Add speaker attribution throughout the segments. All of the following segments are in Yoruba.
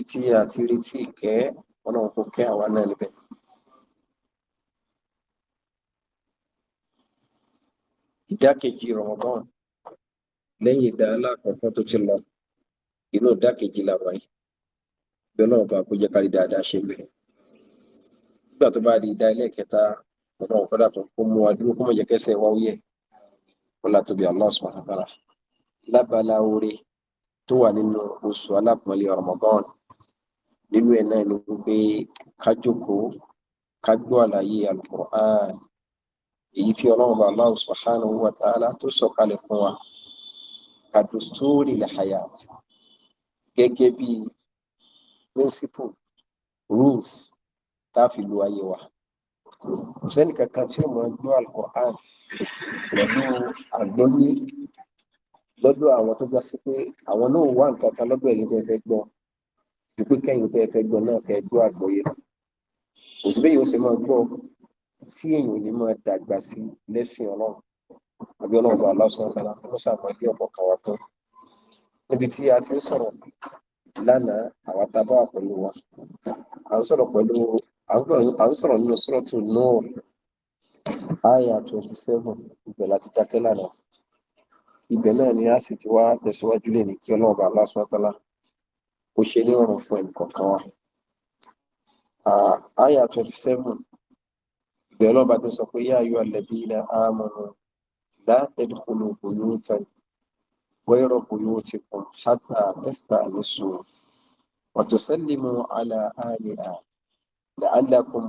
Speaker 1: ibi a ti rí tí ìkẹ́ ọlọ́run kò kẹ́ àwa náà níbẹ̀. ìdákejì rọmọgán lẹ́yìn ìdá alákọ̀ọ́kọ́ tó ti lọ inú ìdákejì làwọn yìí bí ọlọ́run bá kó jẹ́ kárí dáadáa ṣe bẹ́ẹ̀ nígbà tó bá di ìdá ẹlẹ́ẹ̀kẹta ọlọ́run kọ́dà tó kó mú wa kó mọ̀ jẹ́ kẹsẹ̀ wá kó la tóbi Allah subhanahu wa ta'ala lábala oore tó wà nínú oṣù alápọ̀nlé rọmọgán nínú ẹ̀ náà ni wípé ká jókòó ká gbọ́ àlàyé alukur'an èyí tí ọlọ́run bá Allah subhanahu wa ta'ala tó sọ̀kalẹ̀ fún wa kàdùstúrì lahayat gẹ́gẹ́ bí principle rules tá a fi lu ayé wa kò sẹ́ni kankan tí ó mọ̀ gbọ́ alukur'an pẹ̀lú àgbọ́yé lọ́dọ̀ àwọn tó já sí pé àwọn náà wà nǹkan kan lọ́dọ̀ èyí tẹ́ fẹ́ gbọ́ ju pé kẹ́yìn tẹ́ ẹ fẹ́ gbọ́ náà kẹ́ ẹ gbọ́ àgbọ́yé kò sí bẹ́yìn ó ṣe máa gbọ́ tí èyàn ò ní máa dàgbà sí lẹ́sìn ọlọ́run àbí ọlọ́run bá aláṣọ ọ̀tara ló sàmọ́ ilé ọ̀pọ̀ kan wá tán níbi tí a ti ń sọ̀rọ̀ lánàá àwa tá a bá wà pẹ̀lú wa à ń sọ̀rọ̀ pẹ̀lú à ń sọ̀rọ̀ nínú sọ́rọ̀tù náà àyà twenty seven ibẹ̀ láti dákẹ́ lánàá ibẹ̀ náà ni a sì ti wá tẹ̀síwájú lè ní kí ọlọ́run bá aláṣọ ọ̀tara kò ṣe ní ọrùn fún ẹnì kọ̀ọ̀kan wa. Àyà twenty seven ìbẹ̀rẹ̀ lọ́ba tó sọ pé yá ayọ́ àlẹ́bí ilẹ̀ àmọ́nù látẹ̀dùkúlù buyutan ghayra buyutikum hatta tasta'nisu wa tusallimu ala ahliha la'allakum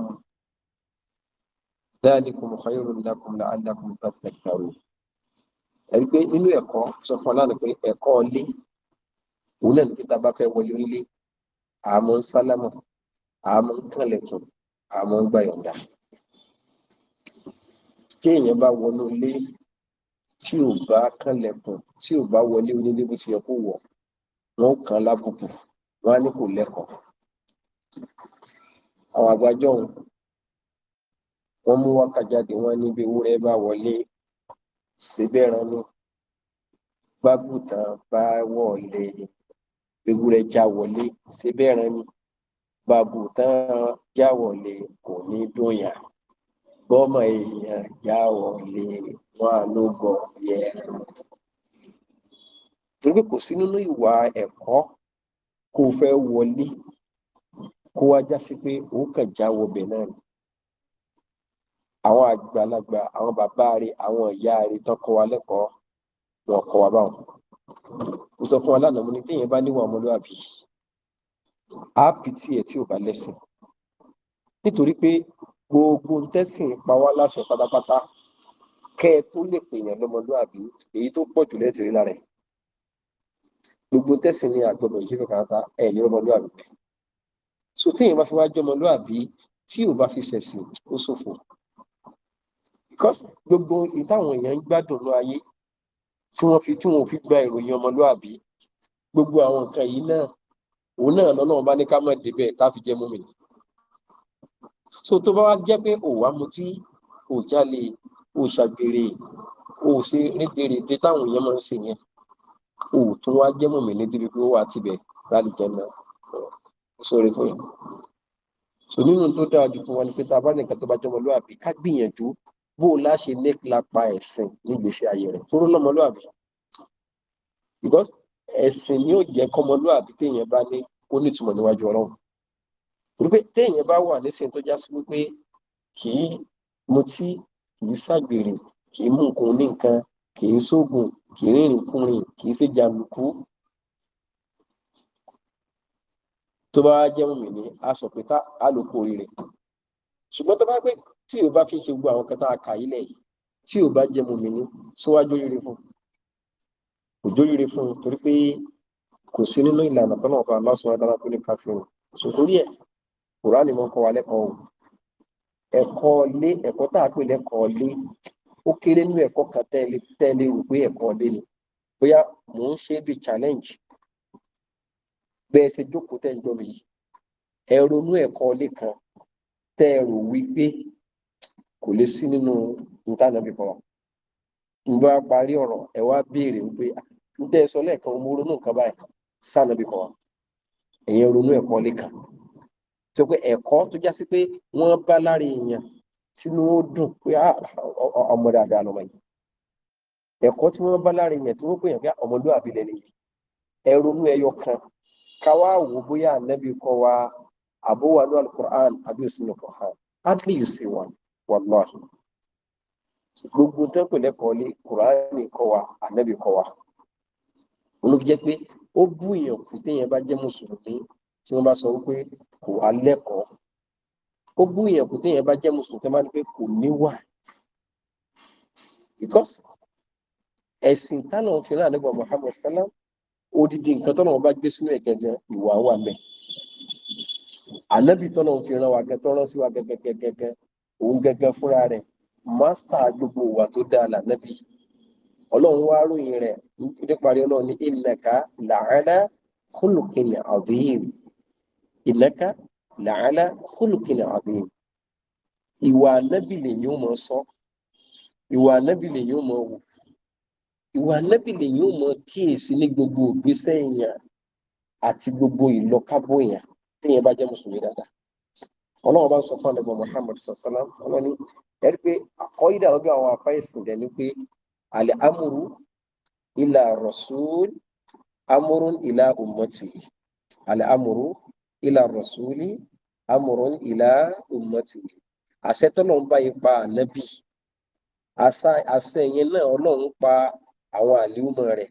Speaker 1: dhalikum khayrun lakum la'allakum tattaqun. Ẹ̀rí pé nínú ẹ̀kọ́ sọ fún ọ lánàá pé ẹ̀kọ́ ọlé òun náà ní pé tá a bá fẹ́ wọlé onílé àmọ́ ń sálámọ̀ àmọ́ ń kànlẹ̀kùn àmọ́ ń gbà yọ̀ǹda kéèyàn bá wọnú ilé tí ò bá kànlẹ̀kùn tí ò bá wọlé onílé bó ti yẹ kó wọ̀ wọ́n kàn lábùkù wọ́n á ní kò lẹ́kọ̀ọ́ àwọn àgbájọ wọ́n mú wákà jáde níbi ewúrẹ́ bá wọlé síbẹ̀rẹ̀ ni gbágùtàn bá wọlé ewúrẹ́ já wọlé ṣe bẹ́ẹ̀ rán ni bàbù tán já wọlé kò ní dóyà gbọ́mọ èèyàn já wọlé wọn ló gọ yẹ torí pé kò sí nínú ìwà ẹ̀kọ́ kó o fẹ́ wọlé kó wá já sí pé ó kàn já wọbẹ̀ náà ni àwọn àgbàlagbà àwọn bàbá rẹ̀ àwọn ìyá rẹ̀ tán kọ́ wa lẹ́kọ̀ọ́ wọn kọ́ wa báwọn mo sọ fún wa lánàá mo ní téèyàn bá níwà ọmọlúwàbí á pìtì ẹ̀ tí ò bá lẹ́sìn nítorí pé gbogbo tẹ́sìn pa wá láṣẹ pátápátá kẹ́ ẹ tó lè pèèyàn lọ́mọlúwàbí èyí tó pọ̀ jù lẹ́tìrí lára ẹ̀ gbogbo tẹ́sìn ni àgbọ̀dọ̀ yìí fẹ́ kàtà ẹ̀ ní ọmọlúwàbí so téèyàn bá fi wá jẹ́ ọmọlúwàbí tí ò bá fi ṣẹ̀sìn ó ṣòfò because gbogbo ìtàwọn èèyàn ń gbádùn lọ ayé tí wọ́n fi tí wọ́n fi gba ìròyìn ọmọlúàbí gbogbo àwọn nǹkan yìí náà òun náà lọ́lọ́run bá ní ká má débẹ̀ tá fi jẹ́ mọ́mì ni. so tó bá wá jẹ́ pé ò wá mutí ò jalè ò ṣàgbèrè ò ṣe rédèrèdè táwọn èèyàn máa ń ṣe yẹn ò tún wá jẹ́ mọ́mì ní débi pé ó wà tibẹ̀ láti jẹ́ náà sọ̀rọ̀ fún yẹn. so nínú tó dáa jù fún wa ni pé tá a bá nìkan tó bá jọmọlúàbí ká gbìyànjú bó o láṣẹ lépa ẹ̀sìn nígbèsè ayé rẹ̀ tó rọ́ lọ́mọlúàbí because ẹ̀sìn yóò jẹ́ kọ́mọlúàbí téèyàn bá ní kó nítumọ̀ níwájú ọlọ́run torí pé téèyàn bá wà nísìnyí tó já sí wípé kì í mutí kì í ṣàgbèrè kì í mú nǹkan ní nǹkan kì í ṣoògùn kì í rìnrìn kùnrin kì í ṣe jàǹdùkú tó bá jẹ́ mùmí ní a sọ pé tá a lò kórìí rẹ̀ ṣùgbọ́n tó bá gbé tí o bá fi ṣe gbogbo àwọn kan tá a kà yí lẹ̀ yìí tí o bá jẹ́ mùmínì síwájú rere fún kò jóríire fún un torí pé kò sí nínú ìlànà tọ́nà ọ̀fà aláṣọ adára tó ní káfíìn so torí ẹ̀ kùránì mọ́ kọ́ wa lẹ́kọ̀ọ́ o ẹ̀kọ́ lé ẹ̀kọ́ tá a pè lẹ́kọ̀ọ́ lé ó kéré nínú ẹ̀kọ́ kan tẹ́lẹ̀ tẹ́lẹ̀ rò pé ẹ̀kọ́ lé ni bóyá mò ń ṣe bí challenge bẹ́ẹ̀ ṣe jókòó tẹ́ ń gbọ́ mi yìí ẹ ronú ẹ̀kọ́ lé kan tẹ́ ẹ rò wípé kò lè sí nínú ìtànàbí fún wa ǹbá parí ọ̀rọ̀ ẹ wá béèrè wípé ń tẹ́ ẹ sọ lẹ́ẹ̀kan mo ronú nǹkan báyìí sànàbí fún wa ronú ẹ̀kọ́ tó pé tó pé bá èèyàn tínú ó dùn pé ọmọ dáadáa yìí tí bá èèyàn tí pè yàn pé ọmọlúwàbí yìí ẹ ronú ẹyọ kan ká wá wò bóyá ànábì wa wàláhì gbogbo tó pè lẹ́kọ̀ọ́ ní kùránì kọ́ wa ànábì kọ́ wa wọn ló fi jẹ́ pé ó bú èèyàn kù téèyàn bá jẹ́ mùsùlùmí tí wọ́n bá sọ wípé kò wá lẹ́kọ̀ọ́ ó bú èèyàn kù téèyàn bá jẹ́ mùsùlùmí tó máa ń pẹ́ kò níwà because ẹ̀sìn tánà òfin náà nígbà Muhammad salam odidi nǹkan tọ́nà wọn bá gbé sínú ẹ̀ gẹ́gẹ́ ìwà wà mẹ́ ànábì tọ́nà òfin náà wà gẹ́gẹ́ tọ́nà sí wa gẹ́gẹ́ gẹ́gẹ́ òun gẹ́gẹ́ fúnra rẹ̀ mástà gbogbo ìwà tó dáa lànàbí ọlọ́run wá ròyìn rẹ̀ níparí ọlọ́run ní ìnàká làálà khuluqin adhim ìnàká làálà khuluqin adhim ìwà ànábì lèyìn ó mọ sọ ìwà ànábì lèyìn ó mọ wò ìwà ànábì lèyìn ó mọ kíyèsí ní gbogbo ògbésẹ̀ èèyàn àti gbogbo ìlọkábọ̀ èèyàn téèyàn bá jẹ́ mùsùlùmí dáadáa ọlọ́run bá ń sọ fún àlẹ́bọ̀ Muhammad sàṣálà ọlọ́run ní ẹ̀rí pé àkọ́yídà lọ́dọ̀ àwọn afáyẹ̀sìn dẹ̀ ni pé àlẹ́ amúrú ilà rọ̀ṣúl amúrún ilà ummati àlẹ́ amúrú ilà rọ̀ṣúlì amúrún ilà ummati àṣẹ tọ́lọ́run bá yí pa ànábì àṣẹ yẹn náà ọlọ́run pa àwọn àlíwùmọ̀ rẹ̀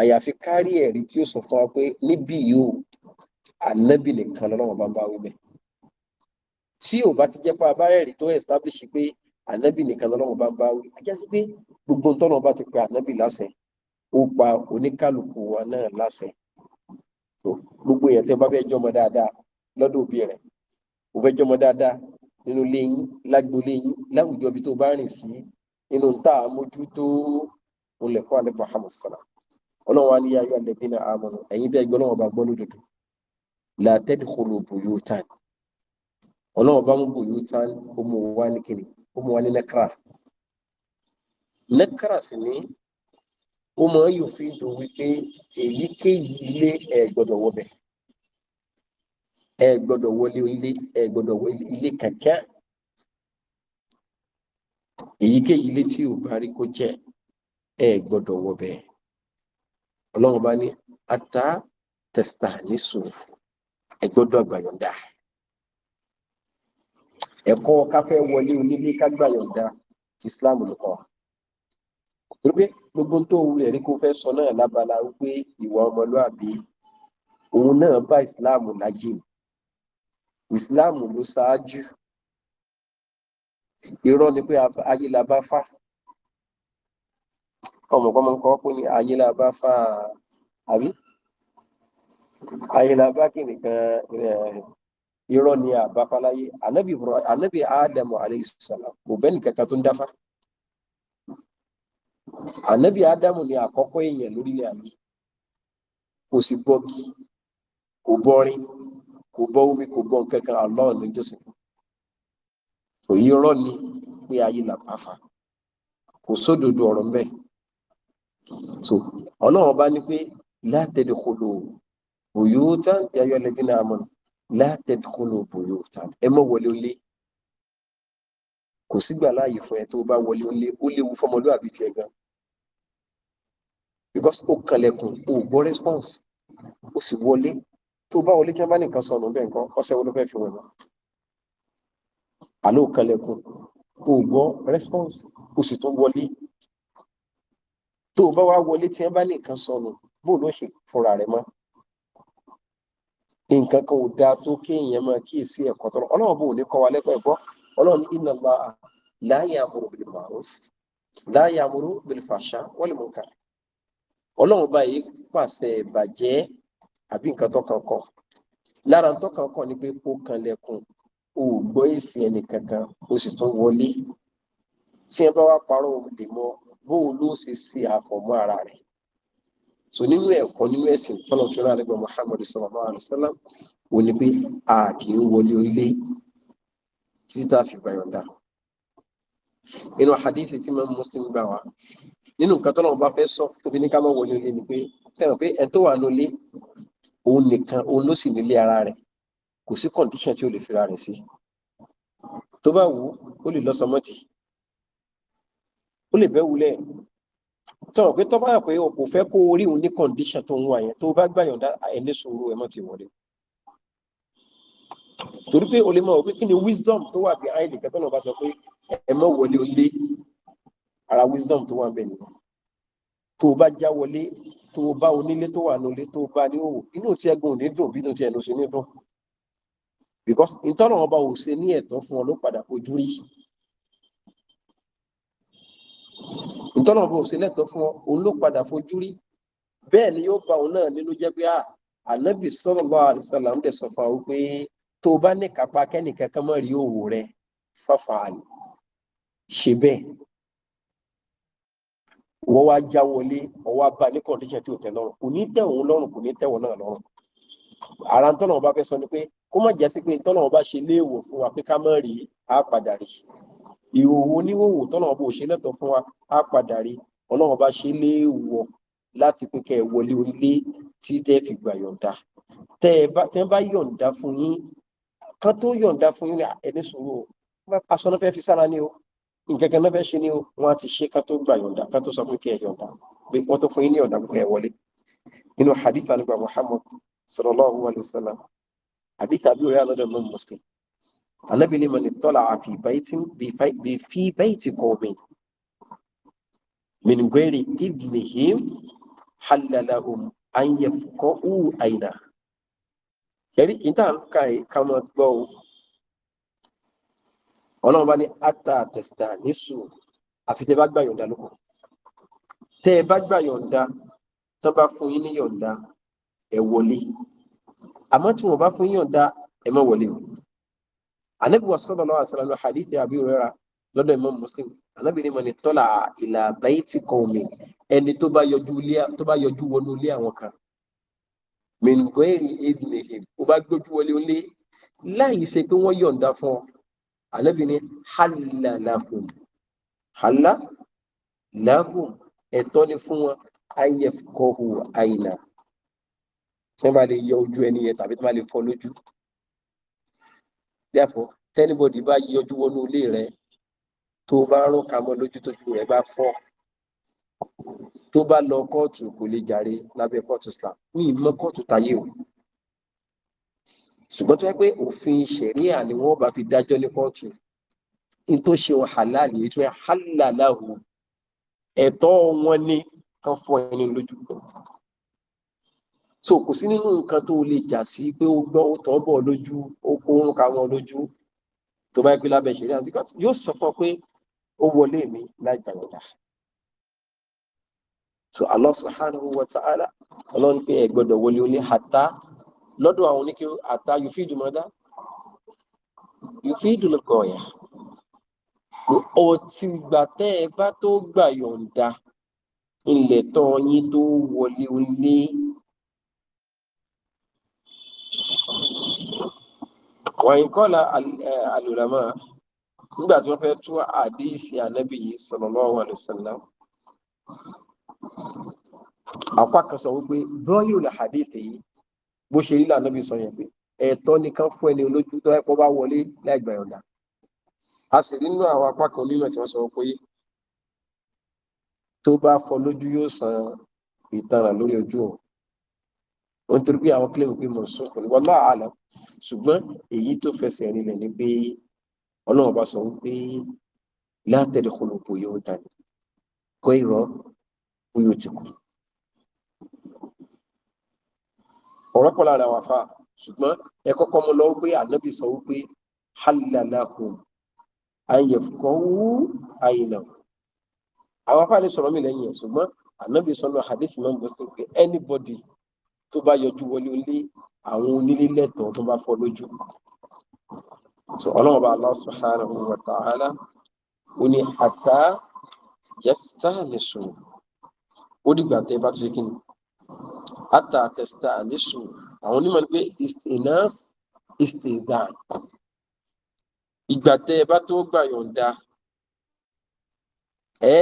Speaker 1: àyàfi kárí ẹ̀rí tí ó sọ fún wa pé níbí yìí o ànábì nìkan lọ́wọ́ bá ń bá wí bẹ́ẹ̀ tí ò bá ti jẹ́ pé abárẹ̀rí tó establish pé ànábì nìkan lọ́lọ́run bá bá wí ajá sí pé gbogbo ntọ́nà bá ti pe ànábì láṣẹ ó pa oníkálukú wa náà láṣẹ gbogbo èèyàn tẹ́ bá fẹ́ jọmọ dáadáa lọ́dọ̀ òbí rẹ̀ ò fẹ́ jọmọ dáadáa nínú ilé yín lágboolé yín láwùjọ ibi tó bá rìn sí nínú ntá àmójútó olùkọ́ àlẹ́ Muhammad sara ọlọ́run aliyu ayọ́ alẹ́ bínú àmọ́nù ẹ̀yin tẹ́ gbọ́ lọ́wọ́ bá gbọ́ lódodo ọlọ́run bá mú bò yóò tán ó mú wá ní kíni ó mú wá ní nẹ́kàrà nẹ́kàrà sì ni ó mọ yóò fi ń dùn wípé èyíkéyìí ilé ẹ gbọ́dọ̀ wọbẹ̀ ẹ gbọ́dọ̀ wọlé ilé ẹ gbọ́dọ̀ wọlé ilé kankan èyíkéyìí ilé tí ò bá rí kó jẹ ẹ gbọ́dọ̀ wọbẹ̀ ọlọ́run bá ní ata testa ní sùn ẹ gbọ́dọ̀ àgbàyọ̀ǹda. E ẹ̀kọ́ káfẹ́ wọlé onílé kágbà yọ̀ǹda Islam nìkan torí pé gbogbo tó ń rẹ̀ rí kó fẹ́ sọ náà lábala wípé ìwà ọmọlúàbí òun náà bá Islam láyé Islam ló ṣáájú irọ́ ni pé ayé la bá fà ọmọ kan máa ń kọ́ pé ní ayé la bá fà àbí ayé la bá kì nìkan irọ́ ni àbáfáláyé anabi anabi adamu aleyhisselam kò bẹ́ẹ̀ nìkan kan tó ń dáfá anabi adamu ni àkọ́kọ́ èèyàn lórílẹ̀ ayé kò sì bọ́gi kò bọ́rin kò bọ́ omi kò bọ́ nǹkan kan Allah ló jọ́sìn kò yí irọ́ ni pé ayé là bá fa kò sódodo ọ̀rọ̀ mbẹ́ so ọlọ́run bá ní pé la tadkhulu buyutan ya ayyuhalladhina amanu látẹ̀dí kó ló bòyó tán ẹ mọ́ wọlé ó lé kò sígbà láàyè fún ẹ tó bá wọlé ó lé ó léwu fọmọlúwàbí tiẹ̀ gan because ó kanlẹ̀kùn ó gbọ́ response ó sì wọlé tó bá wọlé tí wọ́n bá nìkan sọnù bẹ́ẹ̀ nǹkan ọ̀sẹ̀ wo ló fẹ́ fi wẹ̀ mọ́ àlọ́ kanlẹ̀kùn ó gbọ́ response ó sì tún wọlé tó bá wá wọlé tí wọ́n bá nìkan sọnù bó ló ṣe fúnra rẹ̀ mọ́ nǹkan kan ò dáa tó kéèyàn máa kíyèsí ẹ̀kọ́ tọrọ ọlọ́run bò ní kọ́ wa lẹ́kọ̀ọ́ ẹ̀kọ́ ọlọ́run ní inna Allaha la ya'muru bil ma'ruf la ya'muru bil fahsha wal munkar ọlọ́run báyìí pàṣẹ ìbàjẹ́ àbí nǹkan tọkàn kọ lára ń tọkàn kọ ni pé kó kan lẹ́kùn o ò gbọ́ èsì ẹnì kankan o sì tún wọlé tí ẹ bá wá parọ́ lè mọ bóun ló ṣe ṣe àfọ̀mọ́ ara rẹ̀ so nínú ẹ̀kọ́ nínú ẹ̀sìn tọ́lọ̀ fi rán àlẹ́gbẹ̀ muhammadu sallallahu alayhi wa sallam wò ni pé a kì í wọlé orílẹ̀ títà fi gbàyọ̀ǹda inú hadithi tí mọ́ muslim gbà wá nínú nǹkan tọ́lọ̀ bá fẹ́ sọ tó fi ní ká má wọlé orílẹ̀ ni pé sẹ́wọ̀n pé ẹ̀ tó wà lólé òun nìkan òun ló sì nílé ara rẹ̀ kò sí condition tí ó lè fira rẹ̀ sí tó bá wù ó lè lọ́sọmọ́dì ó lè bẹ́ wulẹ̀ tọ́ pé tọ́ bá yà pé o kò fẹ́ kó orí òun ní condition tó ń wà yẹn tó bá gbà ẹni sòro ẹ̀ mọ́ ti wọlé torí pé o lè mọ̀ pé kí ni wisdom tó wà behind ìkẹ́tọ́ náà bá sọ pé ẹ mọ̀ wọlé o lé ara wisdom tó wà bẹ́ẹ̀ nìyẹn tó o bá já wọlé tó o bá onílé tó wà nílé tó bá ní òwò inú tí ẹ̀gbọ́n ò ní dùn bí inú tí ẹnu ṣe ní dùn because ìtọ́nà ọba ò ṣe ní ẹ̀tọ́ fún ọ ló padà fojú rí ìtọ́nà bó ṣe lẹ́tọ̀ọ́ fún ọ òun ló padà fojú rí bẹ́ẹ̀ ni yóò bá òun náà nínú jẹ́ pé ah, ànábì sallallahu alaihi wasallam dẹ̀ sọ fún ọ pé tó o bá ní kápá kẹ́nìkan kan mọ́ rí òwò rẹ fáfà àlè ṣe bẹ́ẹ̀ wọ́n wá já wọlé ọwọ́ bá ní kọ̀ǹdíṣẹ̀ tí ò tẹ́ lọ́rùn kò ní tẹ́ òun lọ́rùn kò ní tẹ́ òun lọ́rùn ara ń tọ́nà ọba fẹ́ sọ ni pé kó má jẹ́ sí pé tọ́nà ọba ṣe léèwọ̀ fún wa pé ká mọ̀ rí á padà rí ìhòòhò oníhòòhò tọ́lọ́wọ́n bó ṣe lẹ́tọ̀ọ́ fún wa á padà rí ọlọ́wọ́n bá ṣe léèwọ̀ láti pé kẹ́ ẹ wọlé onílé tí tẹ́ fi gbà yọ̀ǹda tẹ́ ẹ bá tẹ́ ẹ bá yọ̀ǹda fún yín kan tó yọ̀ǹda fún yín ní ẹni sòrò aṣọ náà fẹ́ fi sára ni o nǹkan kan náà fẹ́ ṣe ni o wọ́n á ti ṣe kan tó gbà yọ̀ǹda kan tó sọ pé kẹ́ ẹ yọ̀ǹda pé wọ́n tó fún yín ní yọ̀ǹda pé kẹ́ ẹ wọlé nínú hadith anigba Muhammad sallallahu alayhi wa sallam hadith abiy oya lọ́dọ̀ Ànábì ní man ittala'a fi baitin fi baiti qawmin min ghairi idhnihim halla lahum an yafqa'u ayna. Ẹ̀rí ìta ń ka ẹ̀ ká mọ́ gbọ́ o. Ọlọ́run bá ní ata testa nísù àfi tẹ́ bá gbà yọ̀ǹda lóko. Tẹ́ ẹ bá gbà yọ̀ǹda tó bá fún yín ní yọ̀ǹda ẹ Àmọ́ tí wọ́n bá fún yín yọ̀ǹda anabi wa sallallahu alaihi wasallam hadithi abi rera lọ́dọ̀ imam muslim anabi ni mani tọ́lá ìlà bayti qaumi ẹni tó bá yọjú wọnú ilé àwọn kan min ghairi idnihim ó bá gbójú wọlé ilé láì ṣe pé wọ́n yọ̀ǹda fún ọ anabi ni halla lahum halla lahum ẹ̀tọ́ ni fún wọn ayẹfukọ́hù àyìnà tí wọ́n bá lè yọ ojú ẹni yẹn tàbí tí wọ́n bá lè fọ́ lójú therefore tẹ́nibọ̀dì bá yọjú wọnú ilé rẹ tó bá rún kamọ́ lójú tójú rẹ bá fọ́ tó bá lọ kóòtù kò lè jàre lábẹ́ kóòtù Islam ní ìmọ̀ kóòtù táyé o ṣùgbọ́n tó yẹ pé òfin ṣẹ̀ríà ni wọ́n bá fi dájọ́ ní kóòtù ní tó ṣe èyí tó yẹ wọn ni kan fọ ẹni lójú so kò sí nínú nǹkan tó lè jà sí pé ó gbọ́ ó oorun ká wọn lójú tó bá gbé lábẹ́ ìṣẹ̀lẹ̀ àti yóò sọ fún ọ pé ó wọlé mi láì gbàyànjá so Allah subhanahu wa ta'ala ọlọ́run pé ẹ gbọ́dọ̀ wọlé oní hàtá lọ́dọ̀ àwọn oníkẹ́ àtá yóò fi dùnmọ́ dá yóò fi dùn lọ́kọ̀ ọ̀yà ọtí gbà tẹ́ ẹ bá tó gbà yọ̀ǹda ilẹ̀ tọ́ yín tó wọlé oní wàyí kọ́lá alùlámà nígbà tí wọ́n fẹ́ tú àdéhìsì ànábì yìí sallallahu alaihi wasallam apá kan sọ wípé dọ́yìrò lè àdéhìsì yìí bó ṣe rí lànàbì sọ yẹn pé ẹ̀tọ́ nìkan fún ẹni olójú tó ẹ̀pọ̀ bá wọlé láìgbà yọ̀ǹda a sì rí nínú àwọn apá kan onímọ̀ tí wọ́n sọ pé tó bá fọ́ lójú yóò san ìtanràn lórí ojú òun ó ń torí pé àwọn kílẹ̀mù pé mọ̀nsúkù ni wọ́n máa àlà ṣùgbọ́n èyí tó fẹsẹ̀ rinlẹ̀ ni pé ọlọ́run bá sọ wípé látẹ̀lẹ̀ kọlùkù yóò dání kọ́ ìrọ̀ kó yóò ti kù. ọ̀rọ̀ pọ̀ lára wà fà ṣùgbọ́n ẹ kọ́kọ́ mú lọ wípé ànábì sọ wípé halalahum ayẹ̀fukọ́wú àyìnà àwọn afáàlẹ́ sọ̀rọ̀ mi lẹ́yìn ẹ̀ ṣùgbọ́n ànábì sọ lọ hadith náà bó ṣe pé anybody tó bá yọjú wọlé ilé àwọn onílé lẹ́tọ̀ọ́ tó bá fọ́ lójú so ọlọ́run bá Allah subhanahu wa ta'ala ó ní àtà yasta'nisu ó dìgbà tẹ bá ti ṣe kí ni àtà tasta'nisu àwọn onímọ̀ ni pé istinas istidan ìgbà tẹ bá tó gbà yọ̀ǹda ẹ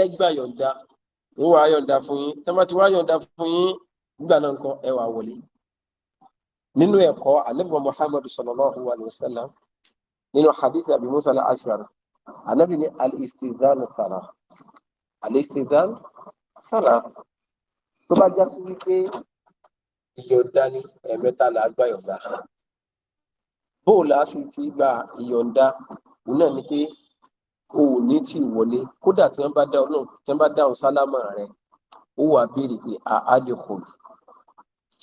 Speaker 1: wọ́n wá yọ̀ǹda fún yín tẹ́mọ́tí wá yọ̀ǹda fún yín nígbà náà nǹkan ẹ wà wọlé nínú ẹ̀kọ́ anabi muhammad sallallahu alayhi wa sallam nínú hadith abi musa al-ashari anabi ni al-istidhan sara al-istidhan sara tó bá já sí wípé ìyọ̀ǹda ni ẹ̀mẹ́ta là á gbà yọ̀ǹda bóòlù á sì ti gba ìyọ̀ǹda òun náà ni pé o ò ní tí wọlé kódà tí wọ́n bá dáhùn sálámà rẹ̀ ó wà béèrè pé àádìkùnrin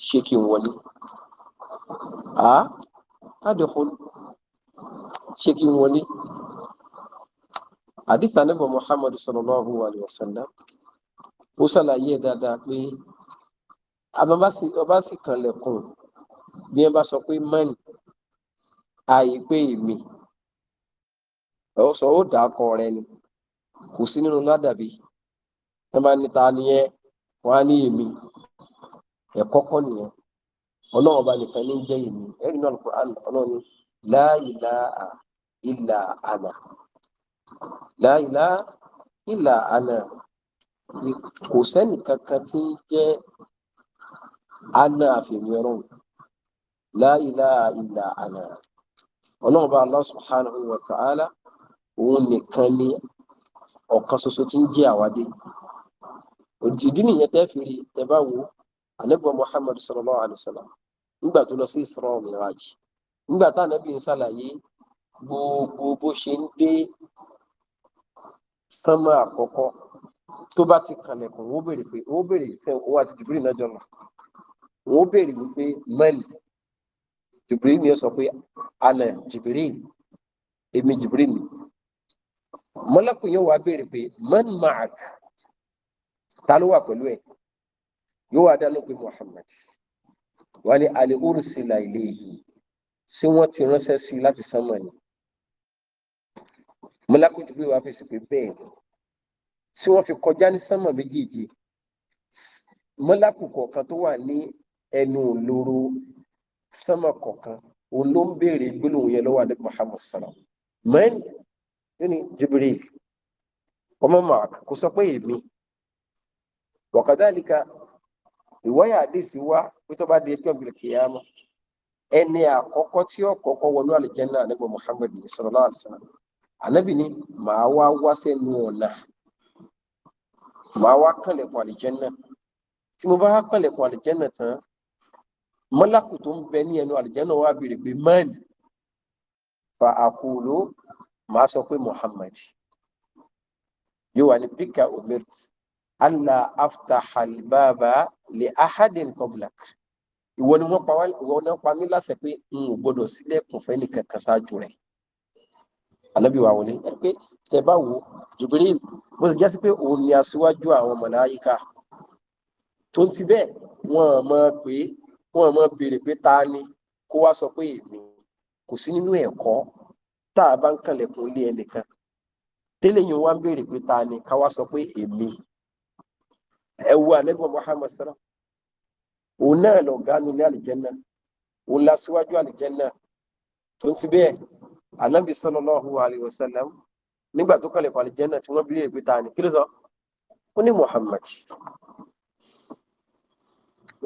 Speaker 1: ṣé kí n wọlé a adkhul ṣé kí n wọlé àdìsá níbọ Muhammad sallallahu alayhi wa sallam ó ṣàlàyé dáadáa pé ọba sì kanlẹ̀kùn bí ẹ bá sọ pé mọ́ni àyè èmi ọ̀sọ̀ ó dà kọ rẹ ni kò sí nínú ládàbí ẹ bá ní ta ni ẹ wọ́n á ní èmi ẹ̀kọ́ kọ́ nìyẹn ọlọ́run ọba nìkan ní jẹ́ èmi ẹ̀rí náà lọ́kọ̀ àná ọlọ́run la ilaha illa ana la ilaha illa ana kò sẹ́nì kankan tí ń jẹ́ ana àfihàn ọlọ́run la ilaha illa ana ọlọ́run ọba Allah subhanahu wa òun nìkan ni ọ̀kan ṣoṣo tí ń jẹ́ àwádé òdìdí nìyẹn tẹ́ fi rí tẹ́ bá wò ó ànábì Muhammad sallallahu alaihi wasallam nígbà tó lọ sí Isra Miraj nígbà tá ànábì ń ṣàlàyé gbogbo bó ṣe ń dé sánmà àkọ́kọ́ tó bá ti kànlẹ̀kùn wọ́n béèrè pé wọ́n béèrè ìfẹ́ òun àti Jibril náà jọlọ wọ́n béèrè wípé mẹ́lì Jibril ni ó sọ pé ana Jibril èmi Jibril ni mọ́lẹ́kùn yóò wá béèrè pé man ma'ak ta ló wà pẹ̀lú ẹ̀ yóò wá dá lópin Muhammad wà ní alẹ orísìlà ilé yìí ṣé wọ́n ti ránṣẹ́ sí i láti sánmà ni mọlákùnrin bí wàá fèsì pé bẹ́ẹ̀ ni tí wọ́n fi kọjá ní sánmà méjèèjì mọlákù kọ̀ọ̀kan tó wà ní ẹnu òlòrò sánmà kọ̀ọ̀kan òun ló ń béèrè gbólóhùn yẹn lọ́wọ́ àdébù Muhammad sàrà mẹ́rin ní Jibril ọmọ màk kò sọ pé èmi wọ̀kadà nìkan ìwọ́yà àdìsí wá pé tó bá di ẹjọ́ ìgbìlẹ̀ kìyàmọ́ ẹni àkọ́kọ́ tí ó kọ́kọ́ wọnú àlìjẹ́nà ànábì Muhammad sallallahu alaihi wasallam ni màá wá wá sẹ́nu ọ̀nà màá wá kànlẹ̀kùn àlìjẹ́nà tí mo bá kànlẹ̀kùn àlìjẹ́nà tán mọ́lákù tó ń bẹ ní ẹnu àlìjẹ́nà wá béèrè pé mọ́ọ̀nì fa àkùlù màá sọ pé Muhammad yóò wà ní bíkà omirt Alla aftahal baba li ahadin qablak ìwọ ni wọ́n pa wá ìwọ ni wọ́n pa mí láṣẹ pé n ò gbọ́dọ̀ sílẹ̀kùn fẹ́ nìkan kan ṣáájú rẹ̀ alábì wa wọlé ẹ pé tẹ bá wo Jibril bó ti jásí pé òun ni aṣíwájú àwọn màláíkà tó ń ti bẹ́ẹ̀ wọ́n mọ̀ pé wọ́n mọ̀ béèrè pé ta ni kó wá sọ pé èmi kò sí nínú ẹ̀kọ́ tá a bá ń kànlẹ̀kùn ilé ẹnìkan tẹ́lẹ̀ yìí wọ́n á béèrè pé ta ni ká wá sọ pé èmi ẹ wo anabi muhammad sara òun náà lọ gánu ní àlìjẹnà òun la síwájú àlìjẹnà tó ń ti bẹ́ẹ̀ anabi sallallahu alayhi wa sallam nígbà tó kọlẹ̀ kọ àlìjẹnà tí wọ́n bí èpè ta ni kí ló sọ ó ní muhammad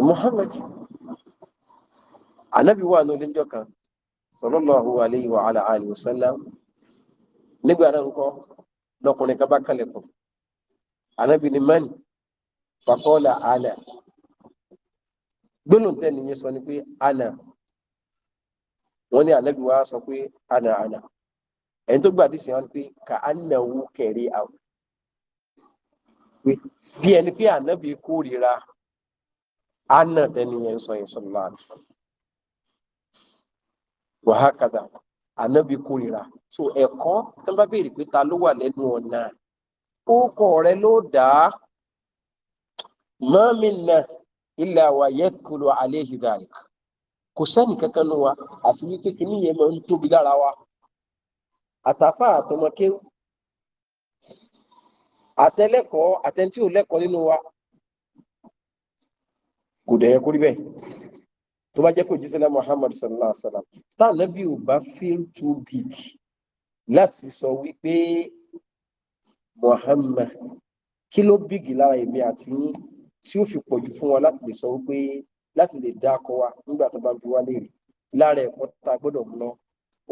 Speaker 1: muhammad anabi wà ní olóńjọ kan sallallahu alayhi wa nígbà náà ń kọ lọkùnrin kan kọ anabi ni mani. fàkọ́ọ̀là ana gbónú tẹ́ni sọ ni pé ana. Wọn ní ànábì sọ pé ana ana. ẹni tó gbàdí sí wọn pé ka á nà owó àwọn pé bí ẹni pé ànábì kórìíra á nà tẹ́ni sọ yẹn sọlá wàhákàdà ànábì so ẹ̀kọ́ tó ń bá béèrè pé ta ló wà lẹ́nu ọ̀nà ó kọ̀ ma minna illa wa yadhkuru alayhi dhalik kò sẹ́ni kankan nu wa àfi wípé kíní yẹn máa ń tóbi lára wa àtàfà àtọmọké àtẹlẹ́kọ̀ọ́ àtẹntí ò lẹ́kọ̀ọ́ nínú wa kò dẹ̀ kórí bẹ́ẹ̀ tó bá jẹ́ kó jísẹ́lá Muhammad sallallahu alaihi wa sallam táànà bí ò bá feel too big láti sọ wípé Muhammad kí ló big lára èmi àti yín tí ó fi pọ̀ jù fún wa láti lè sọ wípé láti lè dá akọ wa nígbà tó bá bí wá léèrè lára ẹ̀kọ́ tá a gbọ́dọ̀ mú náà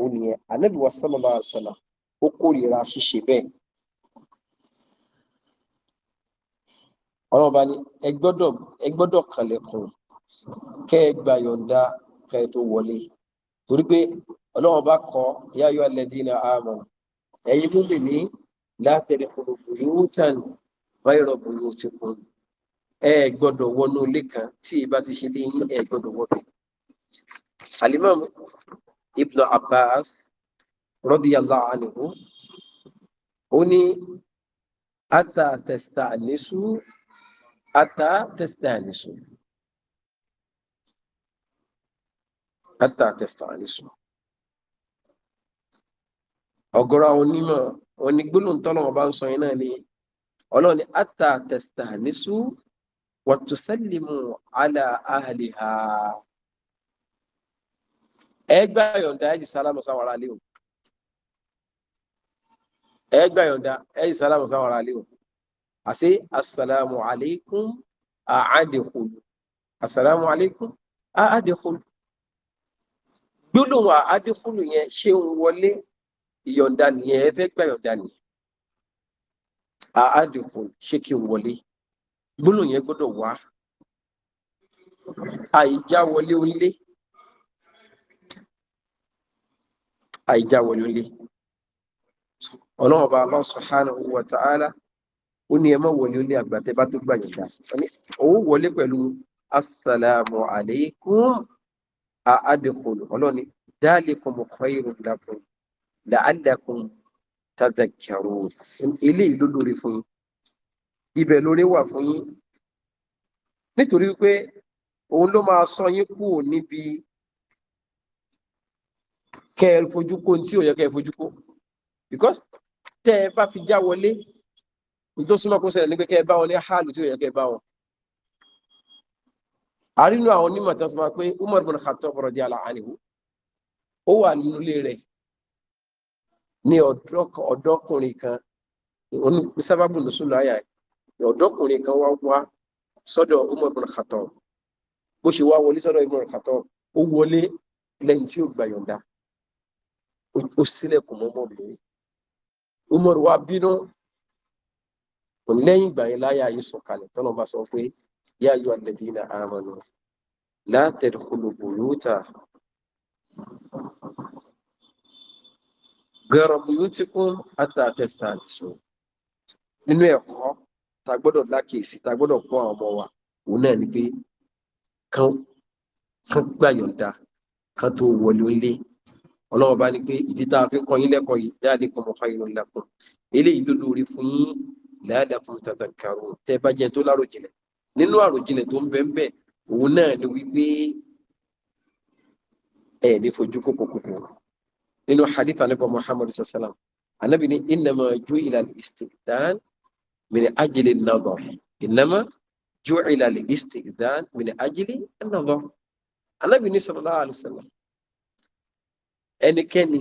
Speaker 1: ó nìyẹn ànábì wa sallallahu alaihi wasallam ó kórìíra ṣíṣe bẹ́ẹ̀. ọlọ́run bá ẹ gbọ́dọ̀ kànlẹ̀kùn kẹ́ ẹ gba yọ̀ǹda kẹ́ ẹ tó wọlé torí pé ọlọ́run bá kọ ya ayyuha alladhina amanu ẹ̀yin múlẹ̀ ní la tadkhulu buyutan ghayra buyutikum ẹ gbọ́dọ̀ wọnú ilé kan tí ìbá ti ṣe lé yín ẹ gbọ́dọ̀ wọbẹ alimami Ibn Abbas radiyallahu anhu ó ní ata testa nisu ata testa nisu ata testa nisu ọ̀gọ̀rọ̀ àwọn onímọ̀ onígbólóńtọ́ náà bá ń sọ yín náà ni ọlọ́run ni ata testa nisu wàtúsẹ́lìmù àlà àhàlìhà ẹgbà yọ̀ǹda ẹ̀jì sálámù sáwàrà lé o ẹgbà yọ̀ǹda ẹ̀jì sálámù sáwàrà lé o àṣẹ asàlámù àlékún àádẹ́kùlù asàlámù àlékún àádẹ́kùlù gbólóhùn àádẹ́kùlù yẹn ṣé ń wọlé ìyọ̀ǹda nìyẹn ẹ fẹ́ gbà yọ̀ǹda nìyẹn àádẹ́kùlù ṣé kí n wọlé gbólóhùn yẹn gbọ́dọ̀ wá àìjáwọlé onílé àìjáwọlé onílé ọlọ́run ọba Allah subhanahu wa ta'ala ó ní ẹ má wọlé onílé àgbà tẹ́ bá tó gbàyànjá owó wọlé pẹ̀lú assalamu alaikum àádẹ́kùnlù ọlọ́run ní dhalikum khairun lakum la'allakum tadhakkarun ilé ìlú lórí fún yín ibẹ̀ lórí wà fún yín nítorí pé òun ló máa sọ yín kúrò níbi kẹ́ ẹ fojú kó tí ò yẹ kẹ́ ẹ fojú kó because tẹ́ ẹ bá fi já wọlé tó súnmọ́ kó ṣẹlẹ̀ ní pé kẹ́ ẹ bá wọn ní hálù tí ò yẹ kẹ́ ẹ bá wọn. àrínú àwọn onímọ̀ tó sọ ma pé Umar bin Khattab radiyallahu anhu ó wà nínú ilé rẹ̀ ní ọ̀dọ́kùnrin kan sábàbù lóṣù láyà ẹ̀ ọ̀dọ́kùnrin kan wá wá sọ́dọ̀ Umar ibn Khattab bó ṣe wá wọlé sọ́dọ̀ Umar ibn Khattab ó wọlé lẹ́yìn tí ó gbà yọ̀ǹda ó sílẹ̀kùn mọ́ ọmọbìnrin Umar wá bínú lẹ́yìn ìgbà yẹn láyà yìí sọ̀kalẹ̀ tọ́nà bá sọ pé yá yọ alladhina amanu la tadkhulu buyuta ghayra buyutikum hatta tasta'nisu nínú ẹ̀kọ́ ta gbọ́dọ̀ lákèsí ta gbọ́dọ̀ kọ́ àwọn ọmọ wa òun náà ni pé kán kán gbàyọ̀ǹda kán tó wọlé ilé ọlọ́run bá ní pé ìdí tá a fi kọ́ yín lẹ́kọ̀ọ́ yìí dáadé kan mọ̀ fáyín lọ́la kan eléyìí ló lóore fún yín láàdàkùn tàtàkàrò tẹ bá jẹ tó láròjinlẹ̀ nínú àròjinlẹ̀ tó ń bẹ ń bẹ òun náà ni wípé ẹ ní fojú kókó kókó nínú hadith anabi muhammadu sallam anabi ní innama ju ilal istidan من أجل النظر إنما جعل الاستئذان من أجل النظر النبي صلى الله عليه وسلم ẹnikẹ́ni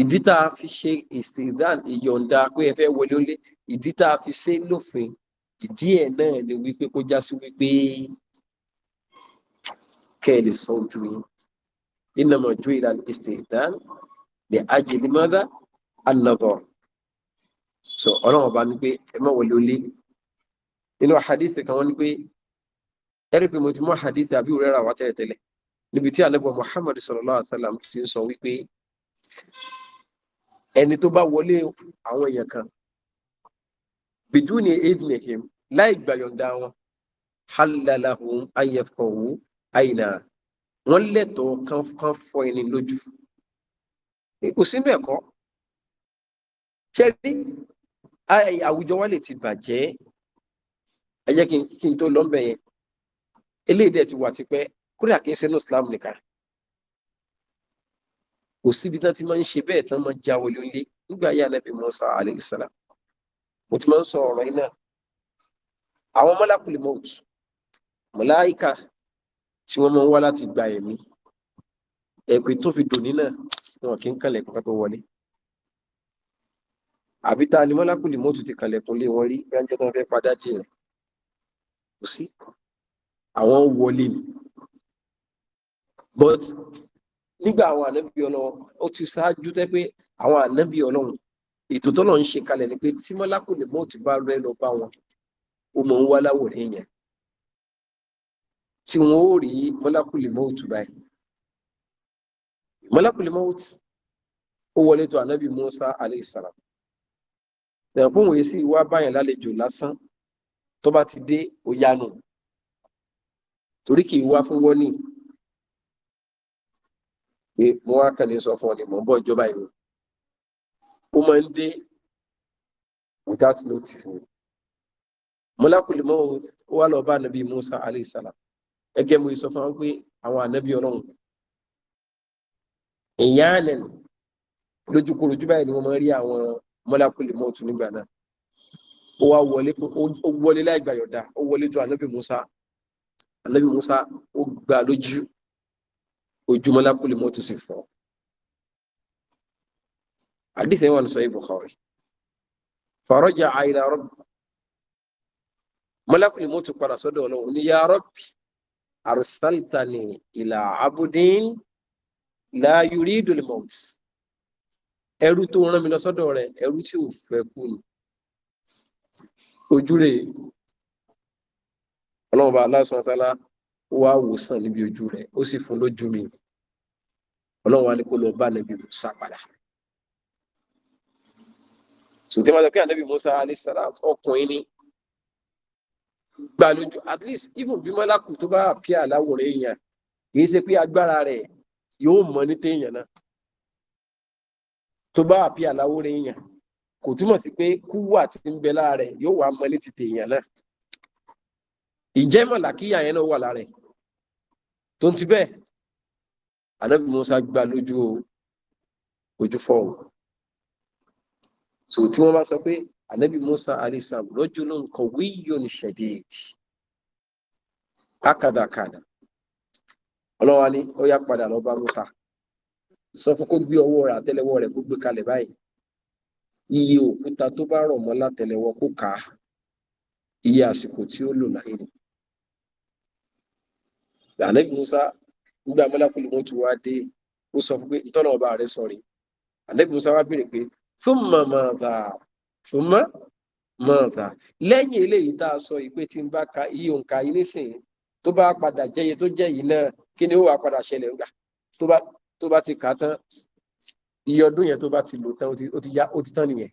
Speaker 1: ìdí tá a fi ṣe ìsìndán ìyọ̀ǹda pé ẹ fẹ́ wọlé lé ìdí tá a fi ṣe lófin ìdí ẹ̀ náà ni wípé kó já sí wípé kẹ́ ẹ lè sọ ojú yín إنما جعل الاستئذان لأجل ماذا؟ النظر so ọlọ́run ọba ní pé ẹ má wọlé olé nínú àhàdíìsì kan wọ́n ní pé ẹ̀rí pé mo ti mú àhàdíìsì àbí òrẹ́ra wá tẹ́lẹ̀tẹ́lẹ̀ níbi tí alẹ́gbọ̀ Muhammad sallallahu alaihi wasallam ti ń sọ wípé ẹni tó bá wọlé àwọn èèyàn kan bìdú ni idnihim láì gbàyọ̀ǹda wọn halalahum ayẹfọwọ àyìnà wọn lẹ́tọ̀ọ́ kan fọ́ ẹni lójú kò sínú ẹ̀kọ́ ṣẹlí àwùjọ wa lè ti bàjẹ́ ẹ jẹ́ kí n tó lọ́nbẹ̀ yẹn eléyìí dẹ̀ ti wà tipẹ́ kódà kí n ṣe ní Islam nìkan kò síbi tán ti máa ń ṣe bẹ́ẹ̀ tán máa ń jáwọ́ lónìí nígbà yà nàbì Musa alayhi salam mo ti máa ń sọ ọ̀rọ̀ yìí náà àwọn mọ́lákùlì mọ́ọ̀t mọ̀láìkà tí wọ́n máa ń wá láti gba ẹ̀mí ẹ̀pẹ́ tó fi dòní náà wọn kì í kalẹ̀ kọ́kọ́ tó wọlé àbí ta ni mọ́lákùlì mọ́tò ti kalẹ̀kùn lé wọn rí bí wọ́n jẹ́ tó ń fẹ́ padà jì rẹ̀ kò sí àwọn wọlé ni but nígbà àwọn ànábì ọlọ́run ó ti ṣáájú tẹ́ pé àwọn ànábì ọlọ́run ètò tọ́lọ̀ ń ṣe kalẹ̀ ni pé tí mọ́lákùlì mọ́tò bá rẹ lọ bá wọn ó mọ̀ ń wá láwòrán yẹn tí wọn ó rí mọ́lákùlì mọ́tò báyìí mọ́lákùlì mọ́tò ó wọlé tó ànábì Musa alayhi salam tẹ̀wọ̀n pòun èsì wá báyàn lálejò lásán tó bá ti dé òyanu torí kì í wá fún wọ́nì pé mo wá kàn lè sọ fún ọ ni mò ń bọ̀ ìjọba ìlú ó máa ń dé without notice ni mọlákùlù mọ ó wá lọ bá ànábì Musa alayhi salam gẹ́gẹ́ mo sọ fún wa pé àwọn ànábì Ọlọ́run ìyá àlẹ lójúkorojú báyìí ni wọ́n máa rí àwọn mọ́lákùlì mọ́ọ̀tù nígbà náà ó wá wọlé ó wọlé láì gbà yọ̀dá ó wọlé tó ànábì Musa ànábì Musa ó gbà lójú ojú mọ́lákùlì mọ́ọ̀tù sì fọ́ àdìsẹ́ wọn sọ Bukhari fàrọ́jà àìlà rọ́bì mọ́lákùlì mọ́ọ̀tù padà sọ́dọ̀ ọlọ́run ní yá rọ́bì arsaltani ìlà abudin la yuridul mọ́ọ̀tù ẹrú tó rán mi lọ sọ́dọ̀ rẹ̀ ẹrú tí ò fẹ́ kú ni ojú rẹ̀ ọlọ́run bá aláṣọ àtàlá ó wá wòsàn níbi ojú rẹ̀ ó sì fún lójú mi ọlọ́run wá ní kó lọ bá nàbí Musa padà sòtẹ́ máa sọ pé ànábì Musa alayhisalaam ọkùnrin ni gbà lójú at least even bí mọ́lákù tó bá pí àláwòrán èèyàn kì í ṣe pé agbára rẹ̀ yóò mọ ní téèyàn náà tó bá àpí àláwó èèyàn kò túmọ̀ sí pé kúwà tí ń bẹ lára rẹ̀ yóò wá mọ́ ní ti tèèyàn náà ìjẹ́ mọ̀lákíyà yẹn náà wà lára rẹ̀ tó ń ti bẹ́ẹ̀ anábì Musa gbà lójú ojú fọ́ọ̀hún so tí wọ́n bá sọ pé anábì Musa alisam lójú ló ń kọ wíyọ̀n ṣẹ̀dẹ̀ẹ̀kì akadakada ọlọ́wà ni ó yá padà lọ bá Musa sọ fún kó gbé ọwọ́ rẹ̀ àtẹ́lẹwọ́ rẹ̀ kó gbé kalẹ̀ báyìí iye òkúta tó bá rọ̀ mọ́ látẹ́lẹwọ́ kó kà á iye àsìkò tí ó lò láyé ni. Ànábì Musa nígbà mọ́lákùlù wọn ti wá dé ó sọ fún pé ìtọ́nà ọba rẹ̀ sọ̀rí Ànábì Musa wá béèrè pé thumma madha thumma madha lẹ́yìn eléyìí tá a sọ yìí pé tí n bá ka iye òǹkà yìí nísìnyí tó bá padà jẹ́yẹ tó jẹ́ yìí náà kí ni ó wàá padà ṣẹlẹ̀ ńgbà tó bá tó bá ti kà á tán iye ọdún yẹn tó bá ti lò tán ó ti yá ó ti tán nìyẹn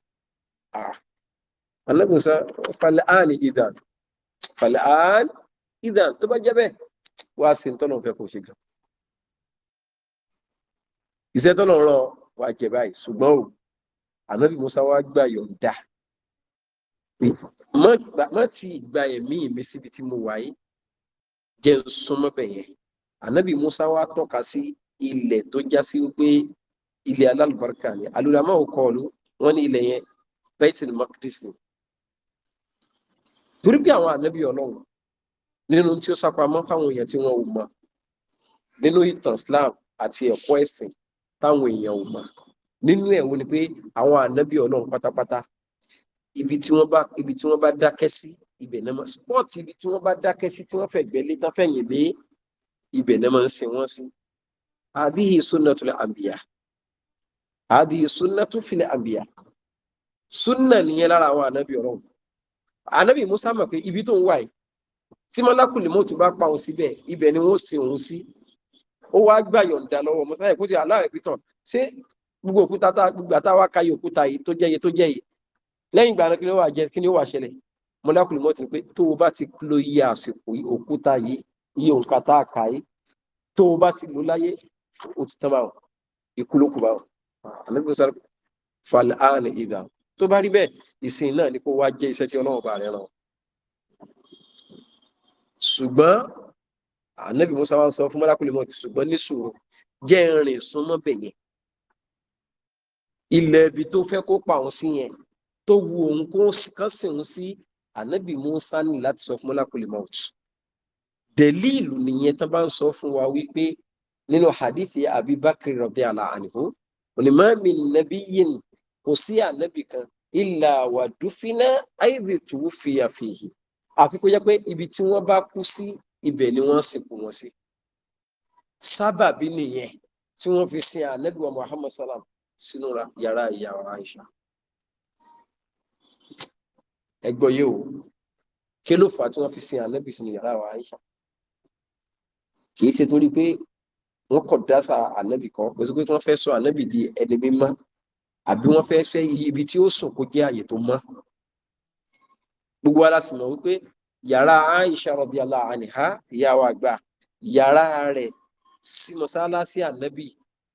Speaker 1: alẹ́gùnsá falẹ̀ áàlì ìdàn falẹ̀ áàlì ìdàn tó bá jẹ́ bẹ́ẹ̀ wá sí tọ́nà fẹ́ kó ṣe gan iṣẹ́ tọ́nà rán wa jẹ báyìí ṣùgbọ́n o ànábì Musa wá gbà yọ̀ǹda má ti gba ẹ̀mí mi síbi tí mo wà yìí jẹ́ ń súnmọ́ Musa wá tọ́ka sí ilẹ̀ tó já sí wípé ilẹ̀ alálùbáríkà ni alùlámà ò kọ́ ọ̀lú wọ́n ní ilẹ̀ yẹn Baitul Maqdis ni torí pé àwọn ànábì ọlọ́run nínú tí ó sápamọ́ fáwọn èèyàn tí wọ́n ò mọ̀ nínú ìtàn Islam àti ẹ̀kọ́ ẹ̀sìn táwọn èèyàn ò mọ̀ nínú ẹ̀ wo ni pé àwọn ànábì ọlọ́run pátápátá ibi tí wọ́n bá dákẹ́ sí ibẹ̀ náà spọ́ọ̀tì ibi tí wọ́n bá dákẹ́ sí tí wọ́n fẹ̀gbẹ́ lé tán fẹ̀yìn lé ibẹ̀ náà máa ń sin wọ́n sí. هذه سنة الأنبياء هذه سنة في الأنبياء sunna nìyẹn lára àwọn ànábì ọlọ́run ànábì musa mọ̀ pé ibi tó ń wà yìí tí mọ́lákùlì mọ́tò bá pa òun bẹ, ibe ni wọ́n si òun sí ó wá gbà yọ̀ǹda lọ́wọ́ musa yẹ kó sì aláwẹ̀ pítàn gbogbo òkúta tá gbogbo àtàwà káyọ̀ òkúta yìí tó jẹ́yẹ jẹ a ó ti tán báwọn ikú ló kù báwọn ànábì sáré falẹ àánì ìdá tó bá rí bẹ́ẹ̀ ìsìn náà ni kó wá jẹ́ iṣẹ́ tí Ọlọ́run bá rẹ ràn ṣùgbọ́n ànábì Musa wa sọ fún mọlákùlẹ mọ ṣùgbọ́n ní sùúrù jẹ́ rìn súnmọ́ bẹyẹn ilẹ̀ ibi tó fẹ́ kó pa òun sí yẹn tó wu òun kán sì ń sí ànábì Musa ní láti sọ fún mọlákùlẹ mọ dẹlí ìlú nìyẹn tán bá ń sọ fún wa wípé nínú hadithi abibakar radiyallahu anhu onímọ̀ mi nàbí yìí kò sí ànábì kan ilà wà dúfínà àìdè tó fi àfihì àfi kó jẹ́ pé ibi tí wọ́n bá kú sí ibẹ̀ ni wọ́n sìnkú wọn sí sábàbí nìyẹn tí wọ́n fi sin ànábì wa muhammad salam sínú yàrá ìyá wa aisha ẹgbọ́ yìí kí ló fà tí wọ́n fi sin ànábì sínú yàrá wa aisha kì í ṣe torí pé wọ́n kọ̀ dáṣà ànábì kan kò sí pé wọ́n fẹ́ sọ ànábì di ẹni mímọ́ àbí wọ́n fẹ́ fẹ́ ibi tí ó sùn kó jẹ́ àyè tó mọ́ gbogbo ara sì mọ̀ wípé yàrá Aisha radiyallahu anha ìyàwó àgbà yàrá rẹ̀ sí mọ́sálásí ànábì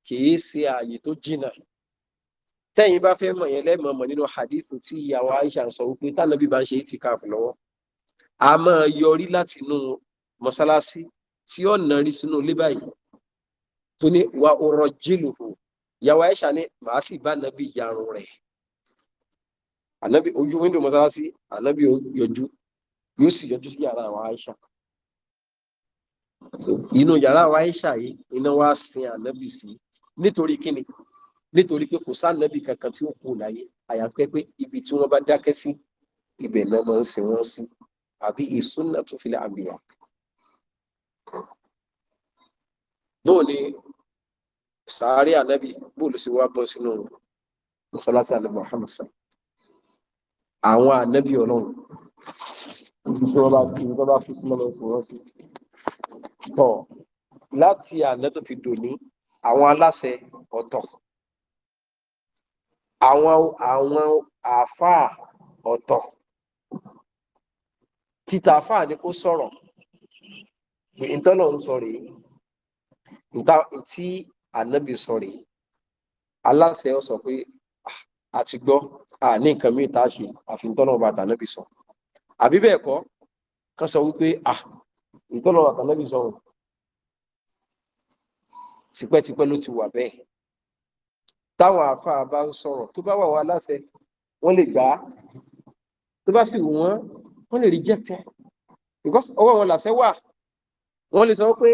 Speaker 1: kìí ṣe ààyè tó jìnnà tẹ́yìn bá fẹ́ mọ̀ yẹn lẹ́mọ̀ọ́mọ̀ nínú hadithu tí ìyàwó Aisha sọ wípé tànàbí bá ń ṣe itikaf lọ́wọ́ a máa yọrí láti inú mọ́sálásí tí ó nàrí sínú ilé báyìí tó ní wa ọ̀rọ̀ jìlùhù ìyàwó Aisha ní màá sì bá nàbí yarun rẹ̀ ànábì ojú wíńdò mọ́sálásí ànábì yọjú yóò sì yọjú sí yàrá àwọn Aisha inú yàrá àwọn Aisha yìí iná wa sin ànábì sí nítorí kíni nítorí pé kò sànábì kankan tí ó kù láyé àyàfẹ́ pé ibi tí wọ́n bá dákẹ́ sí ibẹ̀ náà máa ń sin wọ́n sí àbí ìsúná tó fi lẹ́ àbíyá bóò ni sàárè ànábì bóò ló sì wá bọ́ sínú mọ́sálásí ànábì Muhammad sàn àwọn ànábì ọlọ́run tí wọ́n bá sí tí wọ́n bá fi sí mọ́lọ́sí wọ́n sí tọ̀ láti àná tó fi dòní àwọn aláṣẹ ọ̀tọ̀ àwọn àwọn àáfàá ọ̀tọ̀ títà àáfàá ni kò sọ̀rọ̀ ìtọ́lọ̀ ń sọ rèé nta tí ànábì sọ rèé aláṣẹ ọ sọ pé ah, a ti gbọ́ a ní nǹkan míì tá a ṣe àfi ntọ́nà ọba àtànábì sọ àbí bẹ́ẹ̀ kọ́ kan sọ wípé a ah, ntọ́nà ọba àtànábì sọ tipẹ́tipẹ́ ló ti wà bẹ́ẹ̀ táwọn àfáà bá ń sọ̀rọ̀ tó bá wà wọ́n aláṣẹ wọ́n lè gbà á tó bá sì wù wọ́n wọ́n lè reject ẹ̀ because ọwọ́ wọn làṣẹ wà wọ́n lè sọ pé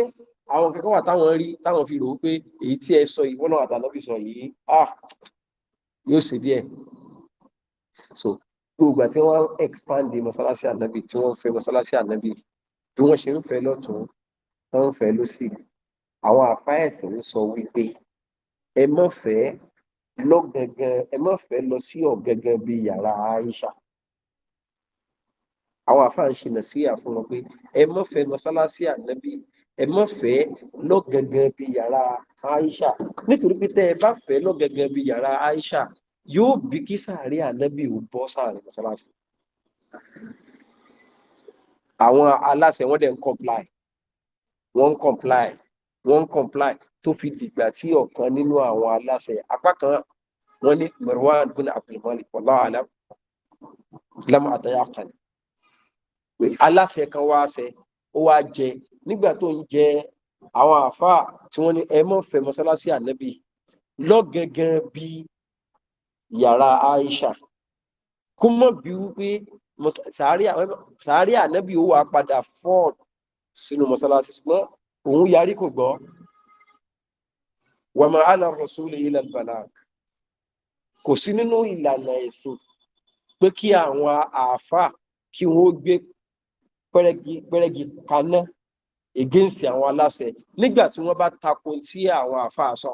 Speaker 1: àwọn kankan wà táwọn rí táwọn fi rò ó pé èyí tí ẹ sọ yìí wọn náà àtàlọ́bì yìí ah, yóò ṣe díẹ̀ so gbogbo àti wọn expand mọ́sálásí ànábì tí wọ́n fẹ́ mọ́sálásí ànábì bí wọ́n ṣe ń fẹ́ lọ́tún wọ́n ń fẹ́ lọ́sì àwọn àfáyẹ̀sì ń sọ wípé ẹ má fẹ́ lọ gangan ẹ má fẹ́ lọ sí ọ̀gangan bí yàrá Aisha àwọn àfáà ń ṣe nà sí àfúnra pé ẹ má fẹ́ mọ́sálásí ànábì ẹ má fẹ́ lọ́gangan bí yàrá Aisha nítorí pé tẹ́ ẹ bá fẹ́ lọ́gangan bí yàrá Aisha yóò bí kí sàárẹ̀ ànábì ò bọ́ sàárẹ̀ mọ́sálásí àwọn aláṣẹ wọn dẹ̀ ń comply wọ́n ń comply wọ́n ń comply tó fi dìgbà tí ọ̀kan nínú àwọn aláṣẹ apá kan wọ́n ní Marwan bin Abdul Malik wallahu alam lam àtàyà kan aláṣẹ kan wá ṣe ó wá jẹ nígbà tó ń jẹ àwọn àáfàá tí wọ́n ní ẹ mọ́ fẹ́ mọ́sálásí ànábì lọ́gẹ̀gẹ̀ bí yàrá Aisha kó mọ̀ bí wípé sàárì ànábì ó wà padà ford sínú mọ́sálásí ṣùgbọ́n òun yarí kò gbọ́ wàmà àlà rọ̀sùlù ilẹ̀ balak kò sí nínú ìlànà ẹ̀sìn pé kí àwọn àáfàá kí wọ́n gbé pẹ́rẹ́gì kaná against àwọn aláṣẹ nígbà tí wọ́n bá takun tí àwọn àfáà sọ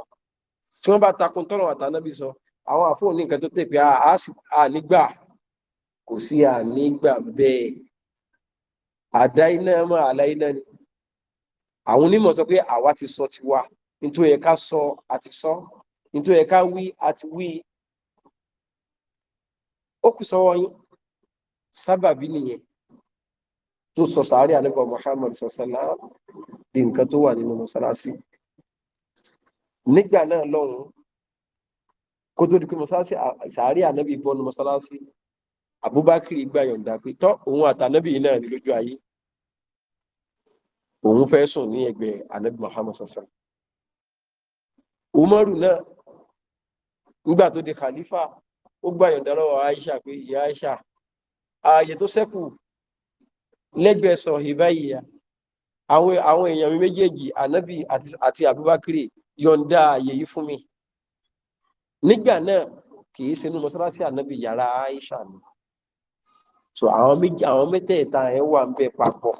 Speaker 1: tí wọ́n bá takun tọrọ àtànábì sọ àwọn àfóò ní nǹkan tó tẹ pé ànígbà kò sí ànígbà bẹ́ẹ̀ àdá iná mọ àlá iná ni àwọn onímọ̀ sọ pé àwa ti sọ tiwa nítorí ẹ̀ka sọ àti sọ nítorí ẹ̀ka wí àti wí ó kù sọ́wọ́ yín sábàbí nìyẹn tó sọ sàárì àlẹ́kọ̀ Muhammad sọ̀sọ́lá di nǹkan tó wà nínú mọ́sálásí nígbà náà lọ́hùn kó tó di pé mọ́sálásí sàárì ànábì bọ́nu mọ́sálásí Abubakar gbà yọ̀ǹda pé tọ́ òun àtànábì yìí náà ní lójú ayé òun fẹ́ sùn ní ẹgbẹ́ ànábì Muhammad sọ̀sọ́lá Umaru náà nígbà tó di khalifa ó gbà yọ̀ǹda lọ́wọ́ Aisha pé ìyá Aisha ààyè tó ṣẹ́kù lẹ́gbẹ̀ẹ́ sọ ìbáyìíyà àwọn àwọn èèyàn mi méjèèjì ànábì àti àbúbákiri yọ̀ǹda ààyè yìí fún mi nígbà náà kì í ṣe mọ́sálásí ànábì yàrá Aisha ni so àwọn méjì àwọn mẹ́tẹ̀ẹ̀ta ẹ̀ wà ń bẹ papọ̀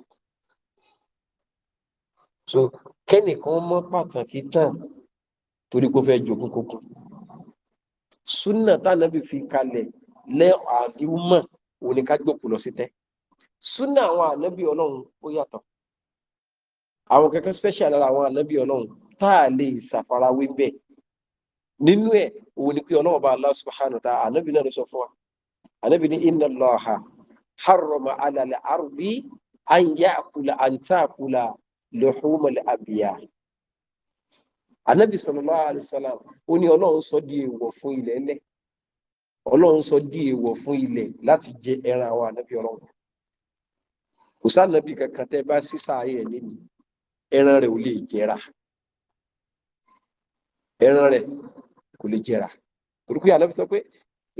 Speaker 1: so kẹ́nìkan mọ́ pàtàkì tán torí kó fẹ́ jogún kókó súnà tánàbì fi kalẹ̀ lẹ́ àdìúmọ̀ òní ká gbòkú lọ sí tẹ́ súnà àwọn ànábì ọlọ́run ó yàtọ̀ àwọn kankan special lára àwọn ànábì ọlọ́run tá a lè ṣàfarawé bẹ́ẹ̀ nínú ẹ̀ òun ni pé ọlọ́run bá Allah subhanahu wa ta'ala ànábì náà ló sọ fún wa ànábì ní inna Allaha harrama ala al-ardi an ya'kula an ta'kula luhuma al ànábì sallallahu alaihi ó ní ọlọ́run sọ di èèwọ̀ fún ilẹ̀ ẹlẹ́ ọlọ́run sọ di èèwọ̀ fún ilẹ̀ láti jẹ ẹran àwọn ànábì ọlọ́run kò sálẹbí kankan tẹ bá sísá ayé ẹ lẹni ẹran rẹ ò lè jẹra ẹran rẹ kò lè jẹra torípé àlọ́ sọ pé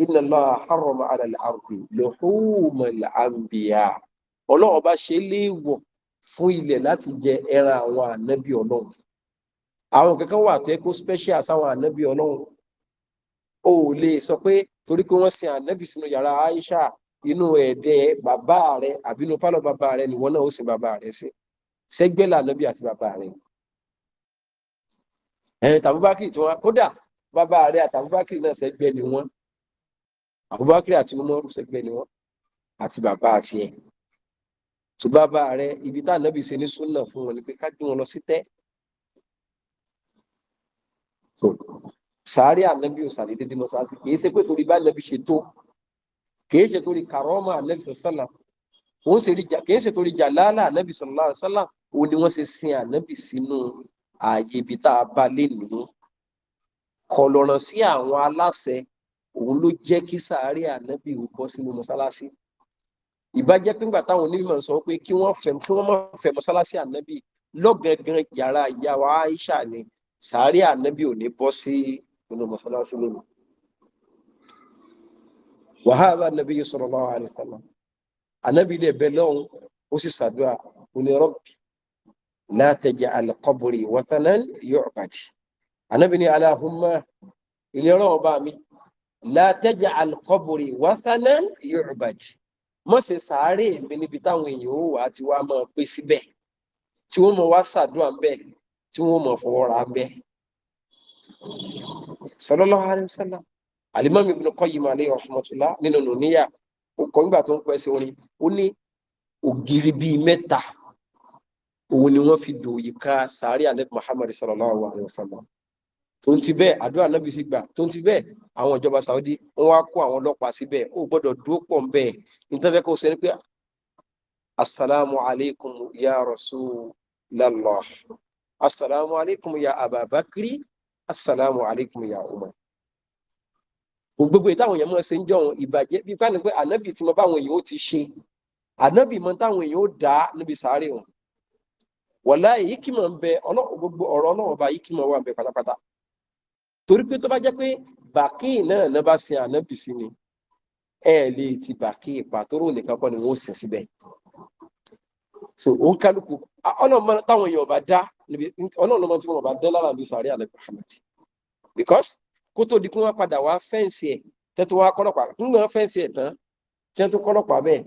Speaker 1: inna Allah harrama ala al-ardi luhuma al-anbiya ọlọ́run bá ṣe léèwọ̀ fún ilẹ̀ láti jẹ ẹran àwọn ànábì ọlọ́run àwọn kankan wà tó yẹ kó special sáwọn ànábì ọlọ́run ò lè sọ pé torí pé wọ́n sin ànábì sínú yàrá Aisha inú ẹ̀dẹ́ bàbá rẹ àbí inú pálọ̀ bàbá rẹ nìwọ náà ó sin bàbá rẹ sí sẹ́gbẹ́ lànàbí àti bàbá rẹ. ẹ̀yìn tàbúbákìrì tí wọ́n kódà bàbá rẹ àtàbúbákìrì náà sẹ́gbẹ́ ni wọ́n àbúbákìrì àti mọ́mọ́rù sẹ́gbẹ́ ni wọ́n àti bàbá àti ẹ̀. tó bàbá rẹ ibi tá ànábì ṣe ní súnà fún wọn ni pé ká gbé wọn lọ sí tẹ́. sàárẹ̀ ànábì ò sàlẹ̀ dédé mọ́ sáà sí kì í ṣe pé torí bá ànábì ṣe tó kìí ṣe torí kàrọ́mà ànábì sàlá wọ́n ṣe rí jà kìí ṣe torí jàlálà ànábì sàlá sàlá òun ni wọ́n ṣe sin ànábì sínú ààyè ibi tá a bá lè ní kọlọ̀ràn sí àwọn aláṣẹ òun ló jẹ́ kí sàárè ànábì ò bọ́ sínú mọ́sálásí ìbájẹ́ pínpà táwọn onímọ̀ sọ pé kí wọ́n fẹ́ mọ́sálásí ànábì lọ́gangan yàrá ìyá wa Aisha ni sàárè ànábì ò ní bọ́ sí inú mọ́sálásí lónìí wàhálà anabi sallallahu alaihi wasallam anabi dẹ̀ bẹ̀ lọ́hùn ó sì ṣàdúrà òní rọ́bì la taj'al qabri wathanan yu'bad anabi ní aláhùnmá ìlérò ọba mi la taj'al qabri wathanan yu'bad mọ̀ ṣe sàárè mi níbi táwọn èèyàn ó wà á ti wá máa pé síbẹ̀ tí wọ́n mọ̀ wá ṣàdúrà ń bẹ̀ tí wọ́n mọ̀ fọwọ́ ra ń bẹ̀ sallallahu alaihi wasallam alimami Ibn Qayyim alayhi rahmatullah nínú nùníyà ó kọ nígbà tó ń pẹ́ sí orin ó ní ògiri bíi mẹ́ta òun ni wọ́n fi dòòyì ká sàárì alẹ́ Muhammad sallallahu alayhi wa sallam tó ń ti bẹ́ẹ̀ àdúrà náà bí sí gbà tó ń ti bẹ́ẹ̀ àwọn ìjọba Saudi wọ́n wá kó àwọn ọlọ́pàá síbẹ̀ ó gbọ́dọ̀ dúró pọ̀ ń nítorí fẹ́ kó pé asalaamu alaykum ya rasulallah asalaamu alaykum ya ababakiri asalaamu alaykum ya umar gbogbo ìtàwọn èèyàn mọ̀ ṣe ń jọ̀hún ìbàjẹ́ bíi bá ní pé ànábì tí mo báwọn èèyàn ó ti ṣe ànábì mọ táwọn èèyàn ó dá níbi sáré wọn wọ̀lá èyí kì mọ̀ ń bẹ gbogbo ọ̀rọ̀ ọlọ́wọ́n bá yìí kì mọ̀ wà ń bẹ pátápátá torí pé tó bá jẹ́ pé bàkíì náà náà bá sin ànábì sí ni ẹ lè ti bàkíì pàtórò nìkan kọ́ ni wọ́n sìn síbẹ̀ so ó ń kálukú ọlọ́mọ táwọn èèyàn ọba dá ọlọ́mọ tí wọn ọba dá lára níbi sáré because kó tó di kí wọ́n padà wá fẹ́ǹsì ẹ̀ tẹ́tọ́ wá kọ́lọ́pàá nígbà wọ́n fẹ́ǹsì ẹ̀ tán tí wọ́n tó kọ́lọ́pàá bẹ́ẹ̀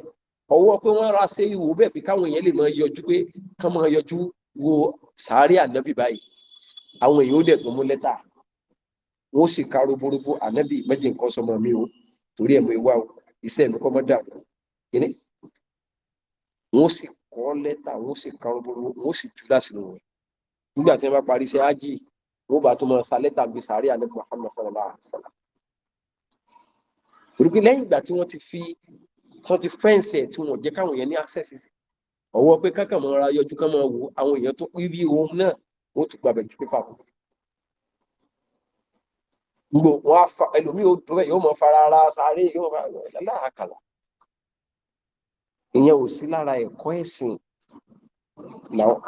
Speaker 1: ọwọ́ pé wọ́n ra ṣe ìwò bẹ́ẹ̀ fi káwọn èèyàn lè máa yọjú pé kán máa yọjú wo sàárè ànábì báyìí àwọn èèyàn ó dẹ̀ tó mú lẹ́tà wọ́n sì ka roborobo ànábì méjì nǹkan sọmọ mi o torí ẹ̀ mọ ìwà o iṣẹ́ mi kọ́ mọ́ dàrú kíní wọ́n sì kọ́ lẹ́tà wọ́n sì ka roborobo wọ́n sì tú láti nù wọ́n nígbà tí wọ́n bá parí iṣẹ́ ájì wọ́n bá tún máa sa lẹ́tà bíi sàárè àlẹ́ Muhammad sallallahu alaihi wa sallam torí pé lẹ́yìn ìgbà tí wọ́n ti fi wọ́n ti fẹ́ǹsì ẹ̀ tí wọ́n jẹ́ káwọn èèyàn ní access sí ọwọ́ pé kákan mọ́ra yọjú kán máa wo àwọn èèyàn tó pín bí ohun náà wọ́n tún gbàgbẹ́ ju pépà kù gbogbo wọn á fa ẹlòmíì ó dúró yóò mọ fara ara sáré yóò mọ aláàkàlà ìyẹn ò sí lára ẹ̀kọ́ ẹ̀sìn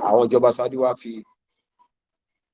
Speaker 1: àwọn ìjọba Saudi wa fi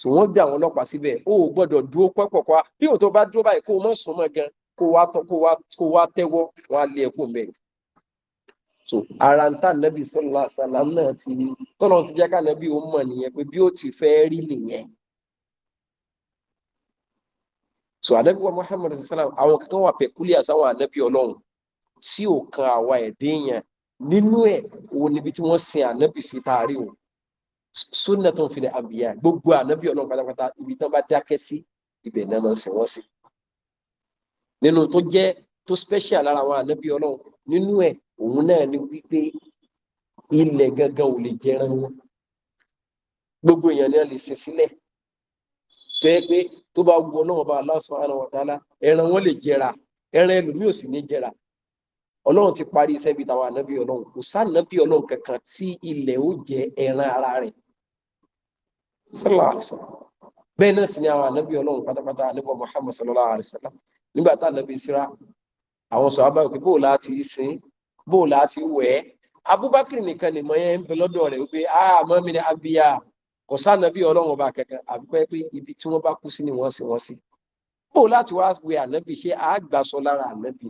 Speaker 1: so wọ́n bí àwọn ọlọ́pàá síbẹ̀ o ò gbọ́dọ̀ dúró pẹ́pọ̀pá bí òun tó bá dúró báyìí kó o mọ̀ sún mọ́ gan kó wá kó wá tẹ́wọ́ wọn á lé e ẹ̀kọ́ mẹ́rin. so ara ń tà nẹ́bí sọ́lá àṣàlá náà ti tọ́lọ́ ti jẹ́ ká nẹ́bí òun mọ̀ nìyẹn pé bí ó ti fẹ́ rí nìyẹn. so ànábì wa Muhammad sàlá àwọn kankan wà pẹ̀kúlíà sáwọn ànábì Ọlọ́run tí ò kan àwa ẹ̀dẹ́yàn nínú ẹ̀ òun níbi tí wọ́n sin ànábì sí taari òun súnà tó ń filẹ̀ àbíyá gbogbo ànábì ọlọ́run pátápátá ibi tán bá dákẹ́ sí ibẹ̀ náà máa ń sìn wọ́n sí. nínú tó jẹ́ tó special lára àwọn ànábì ọlọ́run nínú ẹ̀ òun náà ni wípé ilẹ̀ gangan ò lè jẹran wọn gbogbo èèyàn ni a lè sin sílẹ̀ tó yẹ pé tó bá wù ọlọ́run bá Allah subhanahu wa ta'ala ẹran wọn lè jẹra ẹran ẹlòmíì ò sì ní jẹra ọlọ́run ti parí iṣẹ́ ibi táwọn ànábì ọlọ́run kò sá ànábì ọlọ́run kankan tí ilẹ̀ ó jẹ ẹran ara rẹ̀ sallallahu alaihi wasallam bẹ́ẹ̀ náà sì ni àwọn ànábì ọlọ́run pátápátá ànábì Muhammad sallallahu alaihi wasallam nígbà tá ànábì síra àwọn sọ abáyọ pé bóòlá ti sin bóòlá ti wẹ̀ ẹ́ Abubakar nìkan ni mọ̀yẹ́ ń bẹ lọ́dọ̀ rẹ̀ wípé àmọ́ mi ni abiya kò sànábì ọlọ́run ọba kankan àbípẹ́ pé ibi tí wọ́n bá kú sí ni wọ́n sin wọ́n sí bó láti wá wẹ ànábì ṣe àgbàsọ lára ànábì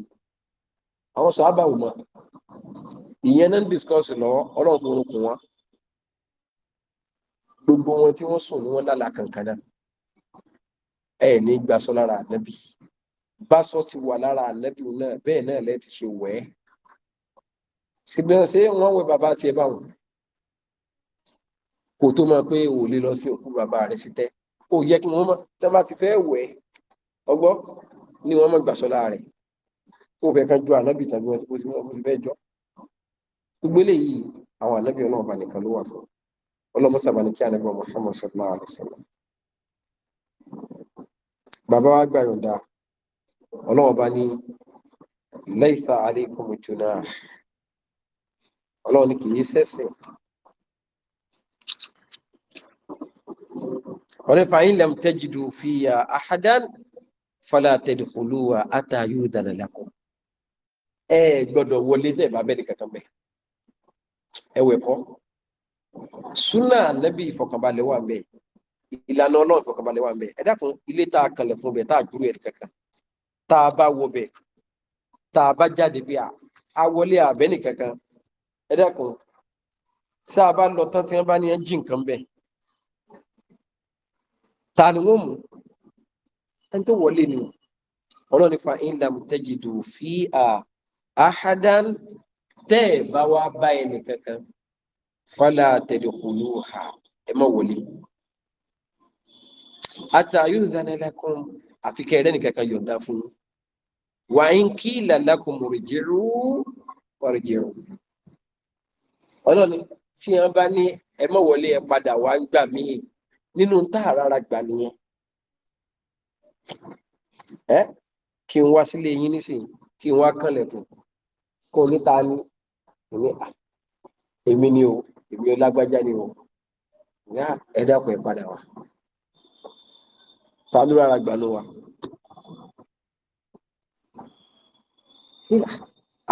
Speaker 1: àwọn sọ abáwò mọ ìyẹn náà ń discuss lọ ọlọ́run fi orun kùn wọn gbogbo wọn tí wọ́n sùn ni wọ́n lálàá kankan náà ẹ ní gbàsọ lára ànábì báṣọ ti wà lára ànábì náà bẹ́ẹ̀ náà lẹ ti ṣe wẹ ṣùgbọ́n ṣé wọ́n wẹ bàbá tiẹ̀ báwọn kò tó máa pé ò lè lọ sí òkú bàbá rẹ̀ sí tẹ́ ó yẹ kí wọ́n mọ̀ tán bá ti fẹ́ wẹ̀ ọgbọ́ ni wọ́n mọ̀ gbàsọ lára rẹ̀ kó fẹ́ kan jọ ànábì tàbí wọ́n ti fẹ́ jọ gbogbo eléyìí àwọn ànábì ọlọ́ọ̀bà nìkan ló wà fún un ọlọ́mọsà bá ní kí ànábọ̀ Muhammad sallallahu alaihi wasallam bàbá wa gbà yọ̀ǹda ọlọ́wọ́ bá ní laysa alaykum junah ọlọ́wọ́ ní kì í sẹ́sìn wọ́n ní fàáyín lam tajidu fiya ahadan fala tadkhuluha hatta yu'dhana lakum ẹ gbọ́dọ̀ wọlé tẹ́ bá bẹ́ẹ̀ ní kankan bẹ́ẹ̀ ẹ wẹ̀ kọ́. Suna nẹ́bí ìfọkànbalẹ̀ wà bẹ́ẹ̀ ìlànà ọlọ́run ìfọkànbalẹ̀ wà bẹ́ẹ̀ ẹ dákun ilé tá a kanlẹ̀ fún bẹ́ẹ̀ tá a dúró ẹ̀ kankan tá a bá wọ bẹ́ẹ̀ tá a bá jáde bí a wọlé àbẹ́nì kankan ẹ dákun a bá lọ tán tí wọ́n bá ní ẹ́ jí nǹkan bẹ́ẹ̀ ta ni wọ́n mú ẹni tó wọlé ni ọlọ́run nípa ìlànà tẹ́jì dùn fí àhádán tẹ́ ẹ̀ bá wá bá ẹnì kankan. fala tadkhuluha ẹ má wọlé ata yudhana lakum àfi kẹ́ ẹ̀rẹ́ nìkan kan yọ̀ǹda fún wa in qila lakum irji'u farji'u ọlọ́ni tí wọ́n bá ẹ má wọlé ẹ padà wá ń gbà ẹ n wá sílé yín nísìnyí kí n wá kànlẹ̀kùn kó ní ta ni èmi ni o èmi ò lágbájá ni wọn ní ẹ̀dàkùn ẹ̀ padà wá ta ló rárá gbà ló wà.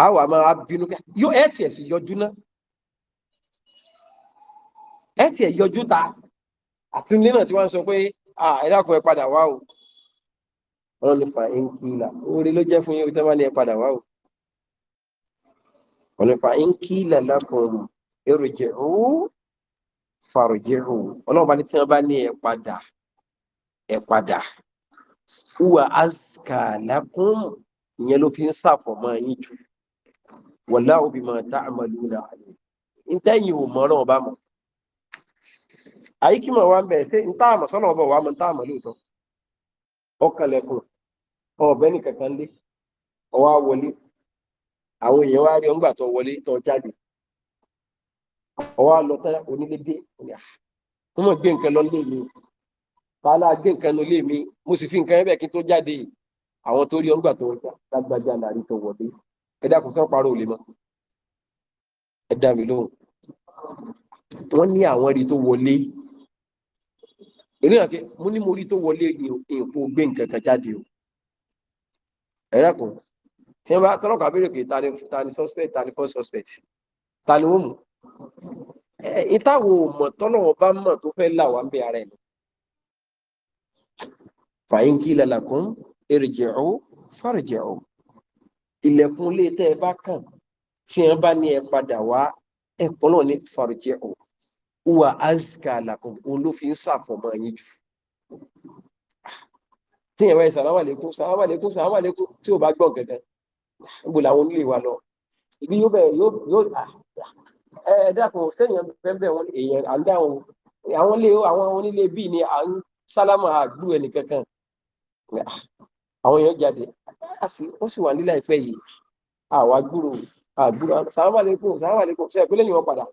Speaker 1: àwọn àmọ́ abínú yóò ẹ̀ tiẹ̀ sì yọjú náà ẹ̀ tiẹ̀ yọjú ta àtúndé náà tí wọ́n sọ pé ẹ̀dàkùn ẹ̀ padà o wọ́n lè fa ẹnkìlà orí ló jẹ́ fún yín tẹ́wọ́n lè padà wá o wọ́n lè fa ẹnkìlà lákùnrin. èròjẹ òun fàròjẹ òun ọlọ́run ní tí wọ́n bá ní ẹ padà ẹ padà wúwa azka ìyẹn ló fi ń ṣàfọ̀mọ́ yín jù ntẹ́yìn ò bá mọ̀ àyíkímọ̀ wa ń bẹ̀ ṣé ntá sọ́nà ọba wa mọ̀ ntá àmọ̀ lóòótọ́ ọkànlẹ̀kùn nìkankan lé ọwọ́ àwọn èèyàn wá rí tó wọlé tó jáde ọwọ́ lọ tá onílé dé wọ́n ah, mọ̀ gbé nǹkan lọ lé mi tààlà gbé nǹkan lọ lé mi mo sì fi nǹkan ẹ̀bẹ̀ kí n tó jáde àwọn tó rí ọgbà tó ń gbà lágbájá làrí tó wọlé ẹ dákun fẹ́ parọ́ òlè mọ́ ẹ dá mi lóhùn wọ́n ní àwọn rí tó wọlé ènìyàn kí mo ní mo rí tó wọlé ní nǹkan gbé nǹkan kan jáde o ẹ dákun tí wọ́n bá tọ́lọ́kà béèrè pé ta ni suspect ta ni first suspect ta ni wọ́n mú ìtawò mọ̀ tọ́nà ọba mọ̀ tó fẹ́ là wá ń bẹ ara ẹ̀ fàyínkì lalakun èrìjẹ̀ọ́ fàrìjẹ̀ọ́ ilẹ̀kùn lè tẹ́ ẹ bá kàn tí wọ́n bá ní ẹ padà wá ẹ̀pọ̀ náà ní fàrìjẹ̀ọ́ wà áṣìkà làkùn òun ló fi ń ṣàfọ̀mọ́ yín jù tí ẹ̀wẹ̀ sàlámà lẹ́kún sàlámà lẹ́kún sàlámà lẹ́kún tí ò bá gbọ́ gẹ̀gẹ̀ níbo làwọn onílé wa lọ ibi yóò bẹ̀rẹ̀ yóò yóò ah, ẹ dákun sẹ́yìn bẹ́ẹ̀ wọn èèyàn à ń dáhùn àwọn ilé àwọn onílé bíi ni à ń sálámà àgbú ẹnì kankan àwọn èèyàn jáde ó sì wà ní láìpẹ́ yìí àwa gbúrò àgbúrò sàlámà lẹ́kùn sàlámà lẹ́kùn sẹ́yìn pé lẹ́yìn wọn padà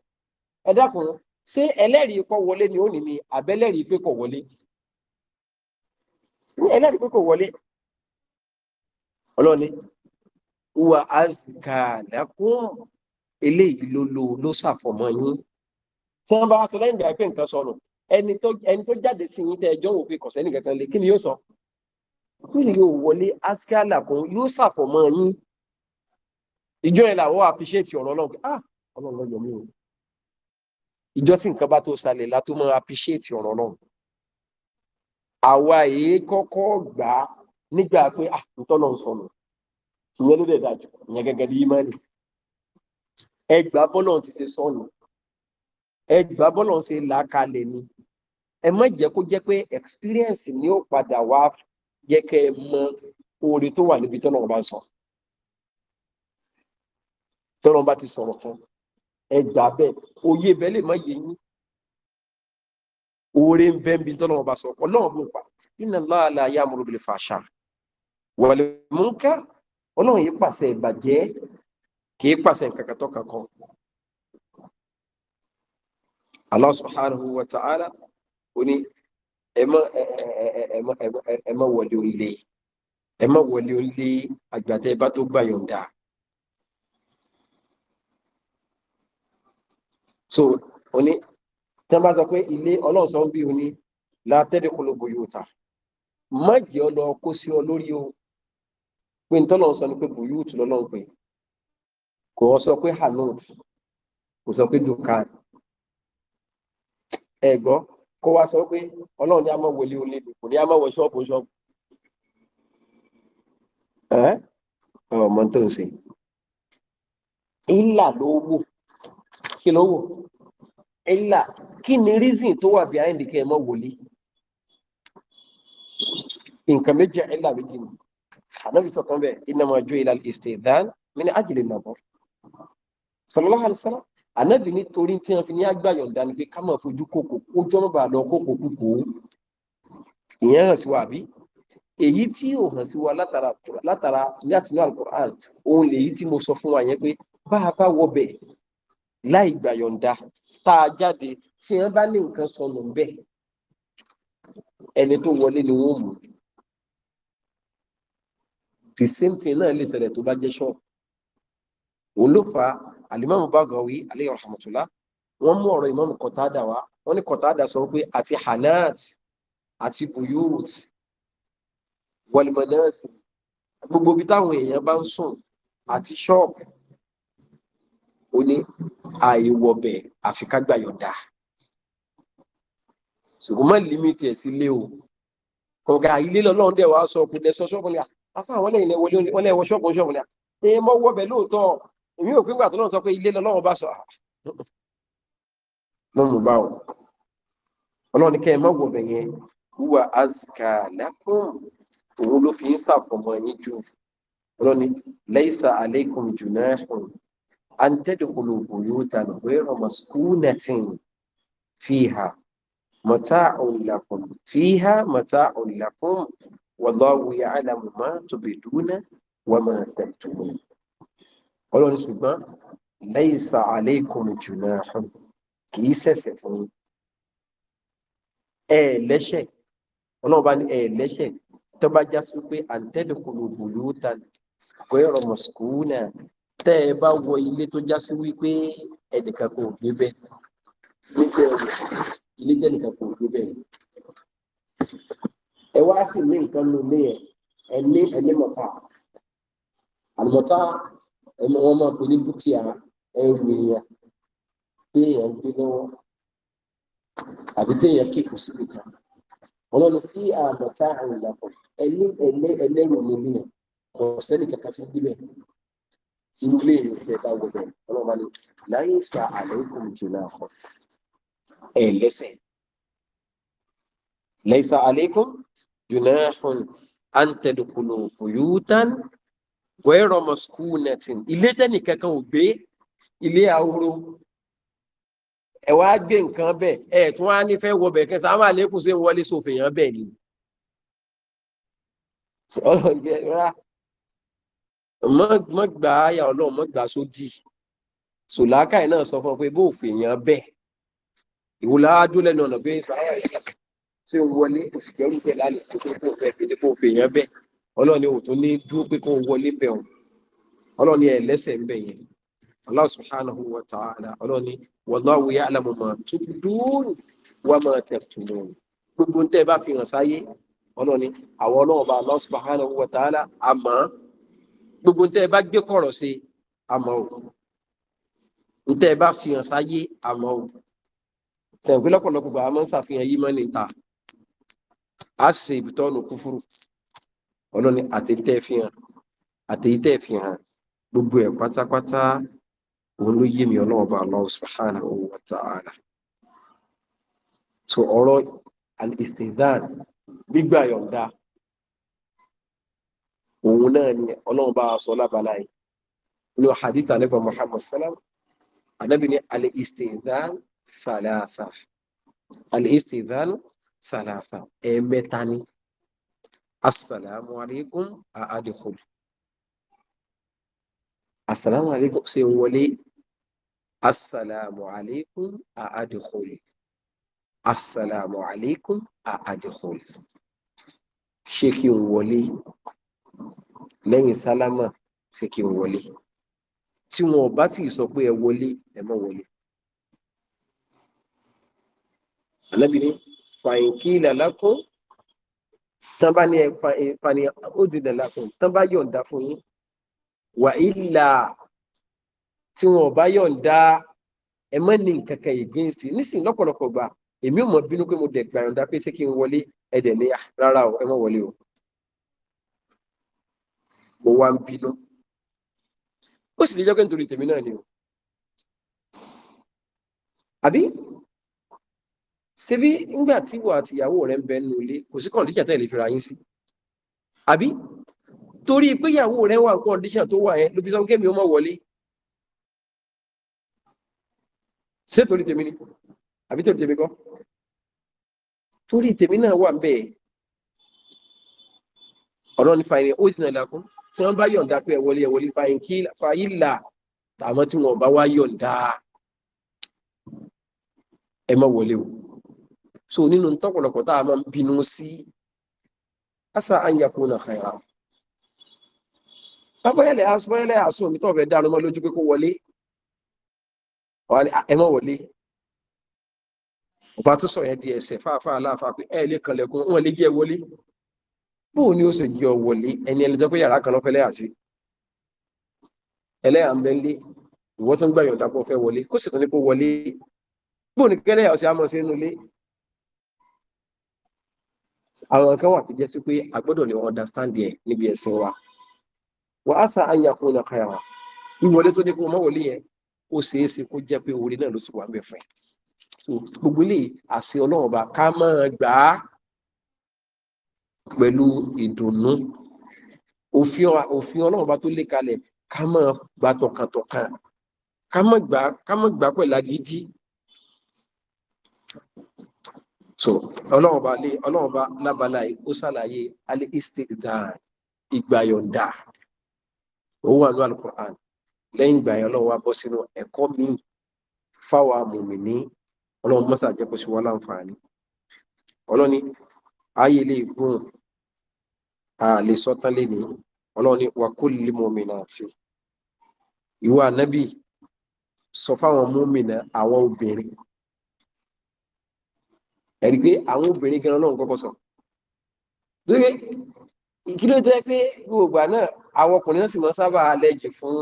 Speaker 1: ẹ dákun ṣé ẹlẹ́rìí kọ́ wọlé ni ó ní ni àbẹ́lẹ́rìí pé kò wọlé ẹlẹ́rìí pé kò wọlé ọlọ́ni wà á zìkà lẹ́kùn eléyìí ló lo ló ṣàfọ̀mọ́ yín tí wọ́n bá wá sọ lẹ́yìn ìgbà pé nǹkan sọnù ẹni tó jáde sí yín tẹ ẹjọ́ wò pé kọ̀sẹ́ nìkan kan lè kí ni yóò sọ kí ni yóò wọlé askiala kan yóò ṣàfọ̀mọ́ yín ìjọ yẹn làwọn appreciate ọ̀rọ̀ ọlọ́run pé ah ọlọ́run ló yọ mí o ìjọ tí nǹkan bá tó ṣàlẹ̀ la tó máa appreciate ọ̀rọ̀ ọlọ́run àwa èé kọ́kọ́ gbà á nígbà pé ah ntọ́nà ń sọnù ìyẹn ló dẹ̀ dájú ìyẹn gẹ́gẹ́ bí ìmánì ẹgbà bọ́lọ̀ ti ṣe sọnù ẹgbà bọ́lọ̀ ṣe là kalẹ̀ ni ẹ má jẹ́ kó jẹ́ pé experience ni ó padà wá jẹ́ kẹ́ ẹ mọ oore tó wà níbi tọ́nà ọba sọ tọ́nà ọba ti sọ̀rọ̀ kan ẹgbà bẹ́ẹ̀ òye bẹ́ẹ̀ lè má yé yín oore ń bẹ níbi tọ́nà ọba sọ ọlọ́run bó pa inna Allaha la ya'muru bil fahsha wal munkar ọlọ́run yìí pàṣẹ ìbàjẹ́ kì í pàṣẹ nǹkan kan tó kankan Allah subhanahu wa ta'ala ó ní ẹ wọlé ole ẹ má wọlé orílẹ àgbàtẹ so oní tí wọn bá sọ pé ilé ọlọ́sọ ń bí oní látẹ́lẹ̀ kólóbó yóò ta má jẹ́ ọ lọ kó sí ọ lórí o pé ntọ́lọ́sọ ni pé kò wọ́n sọ pé halod kò sọ pé dukan ẹ̀gbọ́ kó wá sọ pé ọlọ́run ní a máa wọlé olè kò ní a máa wọ ṣọ́ọ̀bù ṣọ́ọ̀bù ẹ́ ọmọ tó ń ṣe ìlà ló wò kí ló wò ìlà kí ni reason tó wà behind the kẹ́ ẹ mọ́ wọlé nǹkan méjì ìlà méjì ni ànábìsọ̀ kan bẹ́ẹ̀ iná máa jó ìlà ìsìtẹ̀dán mi ní àjèlè nàbọ̀ sọlọ́lá àlùsálà ànábì nítorí tí wọ́n fi ní agbáyọ̀ǹda ni pé ká máa fojú kókò kójọ́ mọ́ bàá lọ kókò kúkò ìyẹn hàn sí wa àbí èyí tí ò hàn sí wa látara látara látinú alukur'an òun lèyí tí mo sọ fún wa yẹn pé bá a bá wọbẹ̀ láì gbàyọ̀ǹda tá a jáde tí wọ́n bá ní nǹkan sọnù bẹ́ẹ̀ ẹni tó wọlé ni wọ́n mú the same thing náà lè ṣẹlẹ̀ tó bá jẹ́ ṣọ́ọ̀bù òun ló fa alimami bagawi aleyhi rahmatulah wọ́n mú ọ̀rọ̀ imam kọtada wá wọ́n ní kọtada sọ pé àti hanat àti buyut walimanasi gbogbo ibi táwọn èèyàn bá ń sùn àti ṣọ́ọ̀bù ó ní àìwọ̀bẹ̀ àfikágbàyọ̀dà ṣùgbọ́n má límítì ẹ̀ sílé o kọ̀ọ̀gá ilé lọ́lọ́run dẹ̀ wá sọ kò dẹ̀ sọ ṣọ́ọ̀bù ni àfa àwọn lẹ́yìn lẹ́wọ́ ṣọ́ọ̀bù ṣọ́ọ̀bù ni à ẹ mọ́ wọ́bẹ̀ lóòótọ́ èmi ò pín gbà tó náà sọ pé ilé lọ́wọ́ ah, bá sọ mọ́mù bá wọn ọlọ́run ní kẹ́ ẹ má wọ bẹ̀ yẹn wúwa azka lakum òun ló fi ń ṣàfọ̀mọ́ yín jù ọlọ́run ní laysa alaykum junahun an tadkhulu buyutan ghayra maskunatin fiha mata'un lakum fiha mata'un lakum wallahu ya'lamu ma tubduna wa ma taktumun ọlọ́run ṣùgbọ́n laysa alaykum junahun kì í ṣẹ̀ṣẹ̀ fún yín ẹ lẹ́ṣẹ̀ ọlọ́run bá ní ẹ lẹ́ṣẹ̀ tó bá já sí pé àǹtẹ́dùkùlù buyutan square mọ̀sùkúnà tẹ́ ẹ bá wọ ilé tó já sí wípé ẹnìkan kò gbé bẹ́ẹ̀ níbẹ̀ ilé jẹ́ nìkan kò gbé bẹ́ẹ̀ ẹ wá sí ní nǹkan nínú ẹ ní ẹ ní mọ̀tá àlùmọ̀tá ẹmọ wọn máa pè ní dúkìá ẹrù èèyàn téèyàn ń gbé lọ́wọ́ àbí téèyàn kíkù síbi kan ọlọ́run fi àmọ̀tá àrùn ìlàpọ̀ ẹni ẹlẹ́rù mi nìyẹn kò sẹ́ni kankan ti gbílẹ̀ ilé ìfẹ́ bá wọlé ọlọ́run bá ní láyé sa àlékún jùlọ àkọ́ ẹ̀ lẹ́sẹ̀ lẹ́sà àlékún jùlọ àkọ́ àǹtẹ̀dùkùlù bùyútàn wẹ́rọ mọ̀skúù nẹ̀tìn ilé tẹ́nì kankan ò gbé ilé ahoro ẹ wá gbé nǹkan bẹ́ẹ̀ ẹ tún wá nífẹ̀ẹ́ wọ bẹ́ẹ̀ kẹsàn-án máa lékún sí wọlé sófin yẹn bẹ́ẹ̀ ni. ọlọ́ọ̀gbẹ́ rà mọ́ gbà á yà ọlọ́run mọ́ gbà sódì sòlákà yìí náà sọ fún ọ pé bó òfin yẹn bẹ́ẹ̀ ìwòlá lẹ́nu ọ̀nà pé ìsọ̀rọ̀ ṣe ń wọlé òṣìṣẹ́ òrùkẹ́ lálẹ́ tó tó kó fẹ́ẹ́ fi dé kó òfin yẹn bẹ́ẹ̀ ọlọ́run ni ò tó ní dúró pé kó wọlé bẹ̀ ọ́ ọlọ́run ni ẹ̀ lẹ́sẹ̀ ń bẹ̀ yẹn Allah subhanahu wa ta'ala ọlọ́run ni wallahu ya'lamu ma tubdun wa ma taktumun gbogbo ń tẹ́ bá fi hàn sáyé ọlọ́run ni àwọn ọlọ́run bá Allah subhanahu wa àmọ́ gbogbo ń tẹ́ bá gbé kọ̀rọ̀ sí àmọ́ ò ń tẹ́ bá fi hàn sáyé àmọ́ ò sẹ̀ǹpẹ́ lọ́pọ̀lọpọ̀ àmọ́ ń ṣàfihàn yí mọ́ ní ta a ṣe ìbùtọ́nù kúfúrú ọlọ́ni àtẹ̀yítẹ́ fi hàn àtẹ̀yítẹ́ fi hàn gbogbo ẹ̀ pátápátá òun ló yé mi ọlọ́wọ́ bá Allah subhanahu wa ta'ala so ọ̀rọ̀ al-istidhan gbígbà yọ̀ǹda òun náà ni ọlọ́wọ́ bá sọ lábala yìí ní hadith alẹ́bà Muhammad salam anábì ní al-istidhan thalatha al-istidhan thalatha ẹ̀ẹ̀mẹ́ta ni asalaamu aleykum àádìkùn asalaamu aleykum ṣe ń wọlé asalaamu aleykum àádìkùn asalaamu aleykum àádìkùn ṣé kí n wọlé lẹ́yìn sálámà ṣé kí n wọlé tí wọn ò bá tí ì sọ pé ẹ wọlé ẹ má wọlé alábìrin fàyínkì làlákùn tán bá ní ẹ̀fani ó dìdà lákùn tán bá yọ̀ǹda fún yín wà ìlà tí wọn bá yọ̀ǹda ẹ mọ́ ní nǹkan kan against nísìnyí lọ́pọ̀lọpọ̀ gbà èmi ò mọ̀ bínú pé mo dẹ̀ gbà yọ̀ǹda pé ṣé kí n wọlé ẹ dẹ̀ ní rárá o ẹ mọ̀ wọlé o mo wá ń bínú ó sì lè jẹ́ pé nítorí tèmi náà ni o àbí ṣebí nígbà tí wà àti ìyàwó rẹ̀ ń bẹ nínú ilé kò sí kọ̀ǹdíṣà tẹ́lẹ̀ fira yín sí àbí torí pé ìyàwó rẹ̀ wà kọ̀ǹdíṣà tó wà yẹn ló fi sọ kémi ó mọ̀ wọlé ṣé torí tèmi ni àbí torí tèmi kọ́ torí tèmi náà wà bẹ́ẹ̀ ọ̀rọ̀ ní fàyín ó dìnnà ìlàkún tí wọ́n bá yọ̀ǹda pé ẹ wọlé ẹ kí fàyín là tààmọ́ tí wọ́n bá wá yọ̀ǹda ẹ wọlé o so nínú tọ́pọ̀lọpọ̀ tá a máa bínú sí asa anyakun na xayira bábọ́yẹ̀lẹ̀ asọ́yẹ̀lẹ̀ asọ́ mi tọ́fẹ̀ dáa lọ́mọ lójú pé kó wọlé ẹ má wọlé ọba tó sọ yẹn di ẹsẹ̀ fáfáà láàfáà pé ẹ lè kanlẹ̀kùn wọn lè jẹ́ wọlé bóun ni ó sì jẹ́ wọlé ẹni ẹni tó pé yàrá kan lọ́fẹ́ lẹ́yà sí ẹlẹ́yà ń bẹ́ lé ìwọ́ tó ń gbà yọ̀ǹda pọ̀ fẹ́ wọlé kó sì tún ní kó wọlé bóun ni kẹ́lẹ́yà ọ̀sẹ̀ á mọ̀ sí àwọn kan wà tó jẹ́ sí pé a gbọ́dọ̀ lè understand ẹ̀ níbi ẹ̀sìn wa wà á sa àyà kó lọ kàrà wíwọlé tó ní kó mọ́wọlé yẹn ó ṣeé ṣe kó jẹ́ pé orí náà ló sì wà ń bẹ̀ fún ẹ so gbogbo ilé àṣẹ ọlọ́run ọba ká máa gbà á pẹ̀lú ìdùnnú òfin ọlọ́run ọba tó lé kalẹ̀ ká máa gbà tọkàntọkàn ká máa gbà pẹ̀lú agídí so ọlọ́run bá lé ọlọ́run bá lábala yìí ó ṣàlàyé alẹ́ istidan ìgbàyọ̀ǹda ó wà ní alukur'an lẹ́yìn ìgbà yẹn ọlọ́run wá bọ́ sínú ẹ̀kọ́ míì fáwọn amòmìnì ọlọ́run mọ́sà jẹ́ kó ṣe wá láǹfààní ọlọ́ni ayé lè gùn a lè sọ́tán lé ní ọlọ́ni wà kó lè mọ̀mìnà àti ìwà ànábì sọ fáwọn mọ̀mìnà àwọn obìnrin ẹ̀rí pé àwọn obìnrin gan náà kọ́kọ́ sọ lórí kí ló jẹ́ pé gbogbo náà àwọn ọkùnrin náà sì máa sábà lẹ́jì fún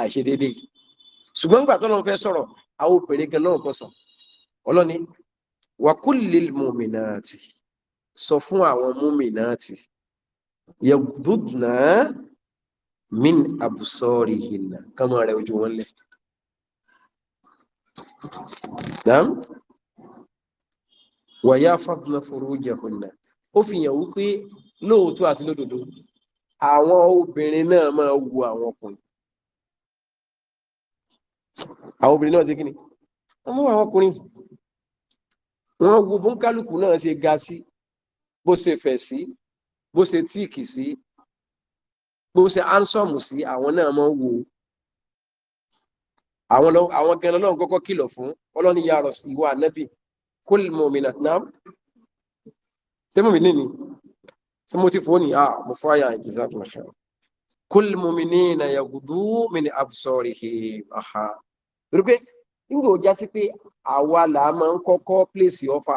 Speaker 1: àìṣedédé yìí ṣùgbọ́n nígbà tọ́lọ́run fẹ́ sọ̀rọ̀ àwọn obìnrin gan náà kọ́ sọ ọlọ́ni wàkúlìl mùmìnàtì sọ fún àwọn mùmìnàtì yẹ̀gbùdùnà min àbùsọ̀rì hìnà kọ́mọ rẹ̀ ojú wọn lẹ̀ wọ̀yá fọ́dúnà furujahunna ó fi hàn wípé lóòótọ́ àti lódodo àwọn obìnrin náà máa wu àwọn ọkùnrin àwọn obìnrin náà ti kí ni wọ́n mú àwọn ọkùnrin wọ́n wo bóńkálùkù náà ṣe ga sí bó ṣe fẹ̀ sí bó ṣe tíìkì sí bó ṣe ánsọ́ọ̀mù sí àwọn náà máa wo àwọn gan-an náà kọ́kọ́ kìlọ̀ fún ọlọ́ni yàrá ìwọ ànábì kul mu'minat na'am ṣé mu'minin ni ṣé mo ti fò ní à mo fọ́ àyà jazakum khair kul mu'minina yaghuddu min absarihim àhà torí pé nígbà ó já sí pé àwa là máa ń kọ́kọ́ pèsè ọ̀fà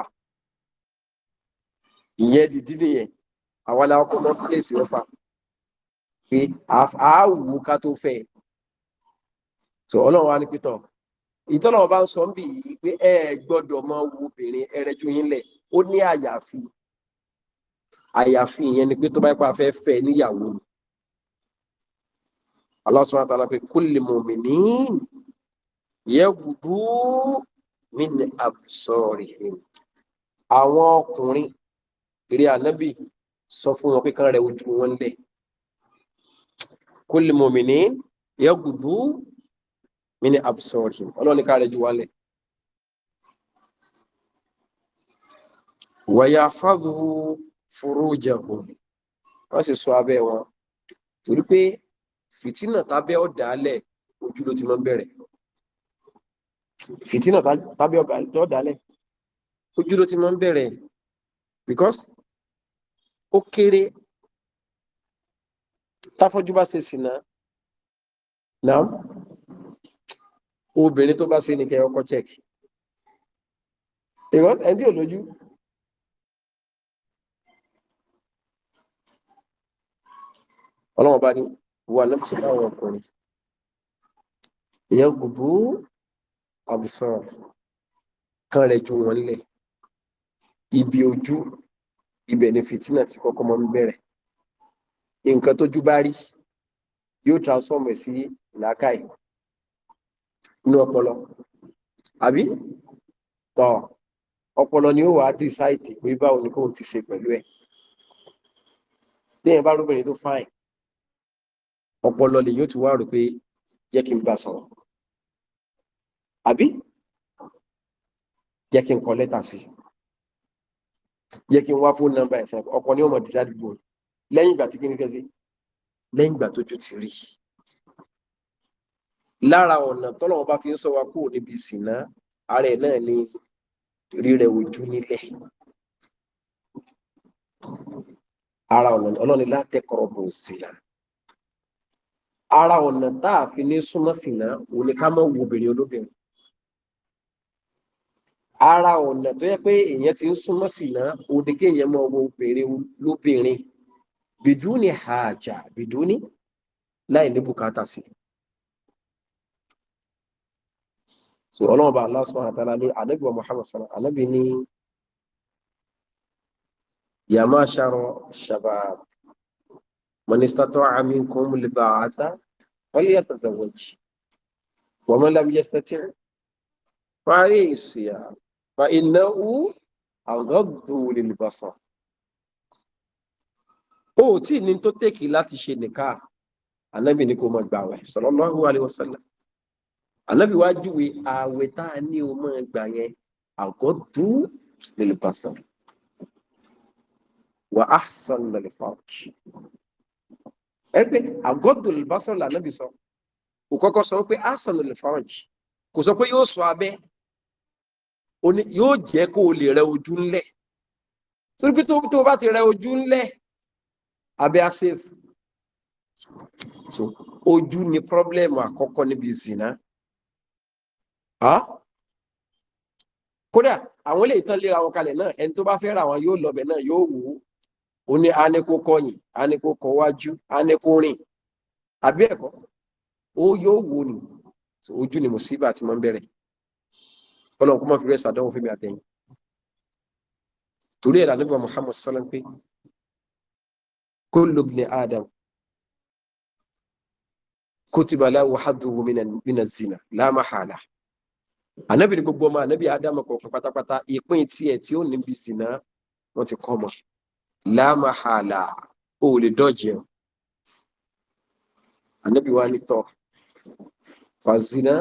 Speaker 1: ìyẹn dìdí nìyẹn àwa là ọkọ̀ máa ń pèsè ọ̀fà pé àá wù ká tó fẹ́ so ọlọ́run wa ní pítọ̀ ìtọ́nà ọba ń sọ ń bì yìí pé ẹ gbọ́dọ̀ mọ obìnrin ẹrẹ́jú yín lẹ̀ ó ní àyàfi àyàfi ìyẹn ni pé tó bá pa fẹ́ fẹ́ níyàwó ni Allah subhanahu wa ta'ala pé kulli mu'minin yaghdu min absarihim àwọn ọkùnrin eré ànábì sọ fún wọn pé kán rẹ ojú wọn lẹ̀ kulli mu'minin yaghdu mí ní absorption ọlọ́run ní káàrẹ̀ jù wálẹ̀. wàyà fáàgùrù fúrújàhùn wọ́n sì sọ abẹ́ wọn torí pé fìtínà tábẹ́ ọ̀dàálẹ̀ ojú ló ti máa bẹ̀rẹ̀ fìtínà tábẹ́ ọ̀dàálẹ̀ ojú ló ti máa bẹ̀rẹ̀ because ó kéré táfọ́jú bá ṣe sìnà náà obìnrin tó bá ṣe ní kẹyọ ọkọ check ìwọ́n ẹni tí ò lójú ọlọ́wọ́n bá ní wà lẹ́pùsí láwọn ọkùnrin ìyẹn gùdú àbùsàn kan rẹ̀ ju wọn lẹ̀ ibi ojú ibẹ̀ ni fìtínà ti kọ́kọ́ mọ́ ń bẹ̀rẹ̀ nǹkan tójú bá rí yóò transform ẹ̀ sí làákàyè inú ọpọlọ àbí tọ ọpọlọ ni ó wàá dísáìdì pé báwo ni kóun ti ṣe pẹ̀lú ẹ̀ lẹ́yìn bá rúbìnrin tó fáìn ọpọlọ lè yóò ti wá rò pé jẹ́ kí n bá sọ̀rọ̀ àbí jẹ́ kí n kọ lẹ́tà sí jẹ́ kí n wá fóònù nọ́mbà ẹ̀sẹ̀ ọkọ ni ó mọ̀ dísáìdì gbòòrò lẹ́yìn ìgbà tí kí ni kẹ́sí lẹ́yìn ìgbà tójú ti rí lára ọ̀nà tọ́lọ́wọ́ bá fi ń sọ wa kúrò níbi ìsìnà ààrẹ náà ni rírẹ ojú nílẹ̀ ara ọ̀nà ọlọ́ni látẹ̀kọ̀rọ̀ bò sílà ara ọ̀nà tá a fi ní súnmọ́ sínà òun ni ká mọ̀ wo obìnrin olóbìnrin ara ọ̀nà tó yẹ pé èèyàn ti ń súnmọ́ sínà òun ni kéèyàn mọ̀ wo obìnrin lóbìnrin bìdúni hàjà bìdúni láì ní bùkátà sí i. so ọlọ́run bá Allah subhanahu wa ta'ala ní ànábì wa Muhammad sallam ànábì ní ya ma'shar shabab man istata'a minkum al-ba'ata falyatazawwaj wa man lam yastati' fa'alayhi as-siyam fa innahu aghaddu lil-basar ó tí ní tó tẹ́kì láti ṣe nìka ànábì ní kó máa gbààwẹ̀ sallallahu alaihi wasallam ànábì wá júwe ààwẹ̀ tá a ní o máa gbà yẹn àgọ́ tó lèlè pàṣẹ wà á sàn lèlè fàájì ẹ pé àgọ́ tó lèlè pàṣẹ lànàbì sọ kò kọ́kọ́ sọ pé á sàn lèlè fàájì kò sọ pé yóò sọ abẹ́ yóò jẹ́ kó o lè rẹ ojú ńlẹ̀ torí pé tó o bá ti rẹ ojú ńlẹ̀ abẹ́ á sèfù so ojú ni pọ́blẹ́mù àkọ́kọ́ níbi ìsìn náà. Ah. kódà àwọn lè tán léra wọn kalẹ̀ náà ẹni tó bá fẹ́ ra wọn yóò lọ́bẹ̀ náà yóò wò ó ó ní aniko kọyìn aniko kọwájú aniko rìn àbí ẹ̀kọ́ ó yóò wò ní ojú ni mùsíbà tí mo ń bẹ̀rẹ̀ ọlọ́run kó má fi rẹ̀ sàdánwò fún mi àtẹ̀yìn torí ẹ̀rọ àdúgbò Muhammad sallam pé kullu ibn Adam kutiba lahu hadduhu min az-zina la mahala ànábì ní gbogbo ọmọ ànábì ádámù kọ̀ọ̀kan pátápátá ìpín tiẹ̀ tí ó níbi zìnà wọ́n ti kọ́ mọ́ lámàhàlà ó lè dọ́jẹ́ o ànábì wa ní tọ́ fàzínà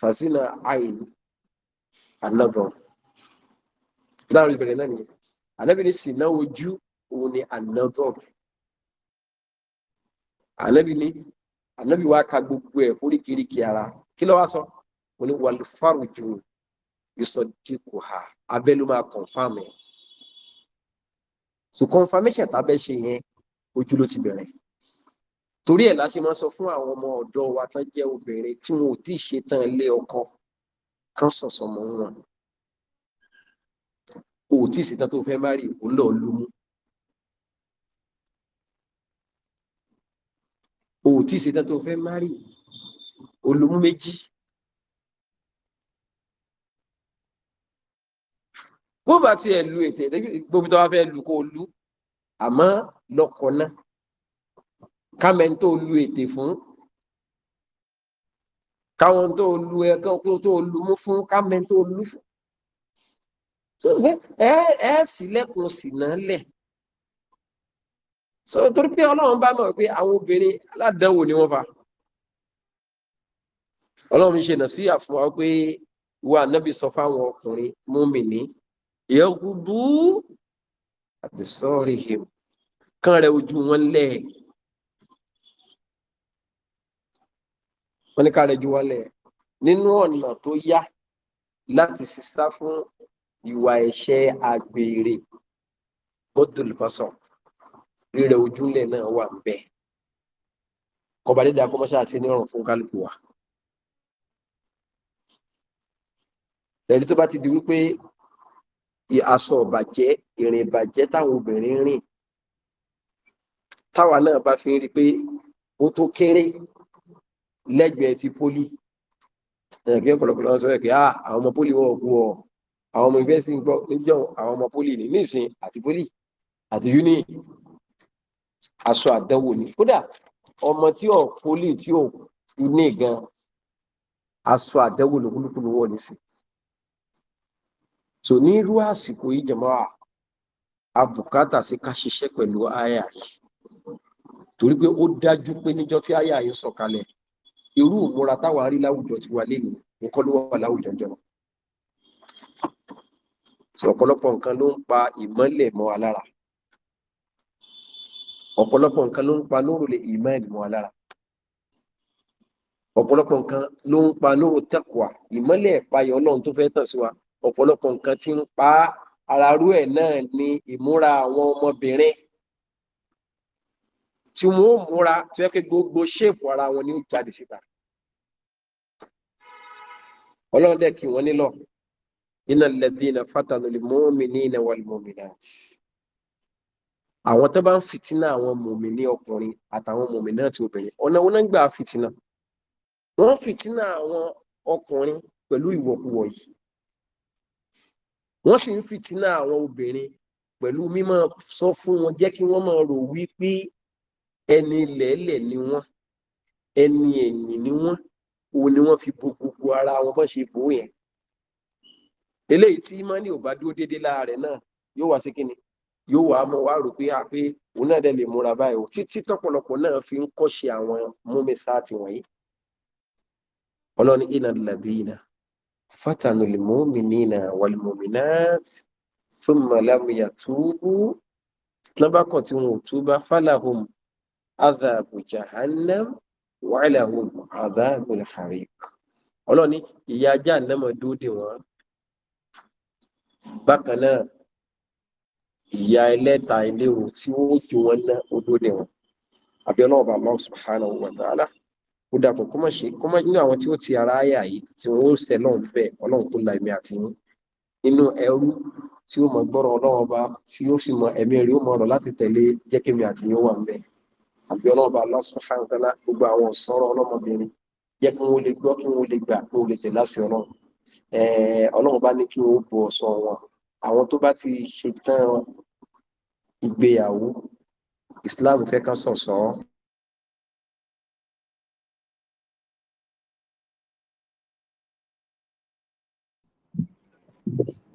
Speaker 1: fàzínà àìn ànábọ̀ láàrin ìbẹ̀rẹ̀ náà nìyẹn ànábì ní sìnà ojú òun ni ànábọ̀ ànábì ní ànábì wa ka gbogbo ẹ̀ foríkèéríkèé ara kí ló wá sọ. So? mo ní wàlúfàrùjù yusọdíkù ha abẹ́ ló máa confam ẹ̀ so confirmation tábẹ́ ṣe yẹn ojú ló ti bẹ̀rẹ̀ torí ẹ̀ la ṣe máa sọ fún àwọn ọmọ ọ̀dọ́ wa tán jẹ́ obìnrin tí wọn ò tí ì ṣetán ilé ọkọ kan sọ̀sọ̀ mọ́ wọn o ò tí ì ṣetán tó fẹ́ má rí òun lọ́ọ́ ló ò tí ì ṣetán tó fẹ́ má rí olómú méjì bó bá tiẹ̀ lu ètè gbogbo tó bá fẹ́ lu kó lu àmọ́ lọ́kọ̀ náà kámẹ́ni tó lu ètè fún káwọn tó lu ẹ̀kan tó lu mú fún kámẹ́ni tó lu fún so ẹ ẹ sílẹ̀kùn sínà lẹ̀ so torí pé ọlọ́run bá mọ̀ pé àwọn obìnrin aládánwò ni wọ́n fa ọlọ́run ṣe nà sí àfúnwá pé ìwà ànábì sọ fáwọn ọkùnrin múmi ní yẹ́gùdú àbẹ̀sọ́rì him kán rẹ̀ ojú wọn lẹ̀ wọ́n ní ká rẹ̀ ju wọn lẹ̀ nínú ọ̀nà tó yá láti sísá fún ìwà ẹ̀ṣẹ̀ àgbèrè gbọ́dọ̀ lùfọ́sọ̀ rírẹ̀ ojúlẹ̀ náà wà ń bẹ̀ kọba dídá kó mọ́ṣáà sí ní ọ̀rùn fún kálukú wa ẹ̀rí tó bá ti di wípé aṣọ ọ̀bàjẹ́ ìrìn ìbàjẹ́ táwọn obìnrin rìn táwa náà bá fi ń rí i pé ó tó kéré lẹ́gbẹ̀ẹ́ ti pólì ẹ̀yàn ọ̀pọ̀lọpọ̀ lọ́wọ́ sọ pé ah, àwọn ọmọ pólì wọn ò ọ àwọn ọmọ ìfẹ́ sí ń gbọ́ níjọ́ àwọn ọmọ pólì ní nísìn àti pólì àti uni aṣọ àdánwò ni kódà ọmọ tí ò pólì tí ò uni gan aṣọ àdánwò lókùlùkùlù wọ̀ nísìn so ní irú àsìkò yìí jẹ̀mọ́ àbùkátà sí ká ṣiṣẹ́ pẹ̀lú àyà yìí torí pé ó dájú pé níjọ́ tí àyà yìí sọ̀kalẹ̀ irú ìmúra táwa rí láwùjọ ti wà lẹ́nu nǹkan ló wà láwùjọ jẹun ọ̀pọ̀lọpọ̀ nǹkan ló ń pa ìmọ́lẹ̀ mọ́ wa lára ọ̀pọ̀lọpọ̀ nǹkan ló ń pa lóru lè ìmọ́lẹ̀ mọ́ wa lára ọ̀pọ̀lọpọ̀ nǹkan ló ń pa lóru tẹ́kọ̀ọ́ ìmọ́lẹ̀ ìpayọ̀ ọlọ́run tó fẹ́ tàn sí wa ọ̀pọ̀lọpọ̀ nǹkan tí ń pa ararú ẹ̀ náà ni ìmúra àwọn ọmọbìnrin tí wọn ò múra tó yẹ kí gbogbo ṣéèpù ara wọn ní jáde síta ọlọ́run dẹ̀ kí wọ́n nílọ iná lẹ́bìnà fátàlólì mọ́mìnì iná wàlúmọ́mìnà àwọn tó bá ń fìtínà àwọn mọ̀mìnì ọkùnrin àtàwọn mọ̀mìnì náà ti obìnrin ọ̀nà wọn náà ń gbà fìtínà wọ́n fìtínà àwọn ọkùnrin pẹ̀lú ìwọ̀kuwọ̀ yìí wọ́n sì ń fìtínà àwọn obìnrin pẹ̀lú mímọ̀ sọ fún wọn jẹ́ kí wọ́n máa rò wípé ẹni lẹ́lẹ̀ ni wọ́n ẹni ẹ̀yìn ni wọ́n òun ni wọ́n fi bo gbogbo ara wọn bọ́n ṣe bò yẹn eléyìí tí imani ò bá dúró déédéé láàárẹ̀ náà yóò wá sí kíni yóò wá mọ̀ wá rò pé àpé ah, òun náà dẹ̀ lè múra báyìí o títí tọ́pọ̀lọpọ̀ náà fi ń kọ́ṣe àwọn múmi sáà tiwọ̀nyí ọlọ́ni ìnàdìlàdìyìnà fatanu lmuminina walmuminat thumma lam yatubu lọ́bàkàn tí wọn ò túbá falahum adhabu jahannam wàhálàhum adhabu alhariq ọlọ́ni ìyà ajá nàmọ̀ dóde wọn bákan náà ìyà ẹlẹ́ta ilé wo tí wọ́n jù wọn ná ó dóde wọn àbí ọlọ́ọ̀bà Allah subhanahu wa ta'ala ó dàpọ̀ kó má ṣe kó má nínú àwọn tí ó ti ara àyà yìí tí wọ́n ó sẹ́ lọ́n fẹ́ ọlọ́run kó la èmi àti yín nínú ẹrú tí ó mọ gbọ́rọ̀ ọlọ́run ọba tí ó sì mọ ẹ̀mí rí ó mọ ọ̀rọ̀ láti tẹ̀lé jẹ́ kí èmi àti yín ó wà ńbẹ̀ àbí ọlọ́run ọba lásán fáńtánná gbogbo àwọn sọ̀rọ̀ ọlọ́mọbìnrin jẹ́ kí wọ́n lè gbọ́ kí wọ́n lè gbà kí lè tẹ̀ ọlọ́run ọlọ́run bá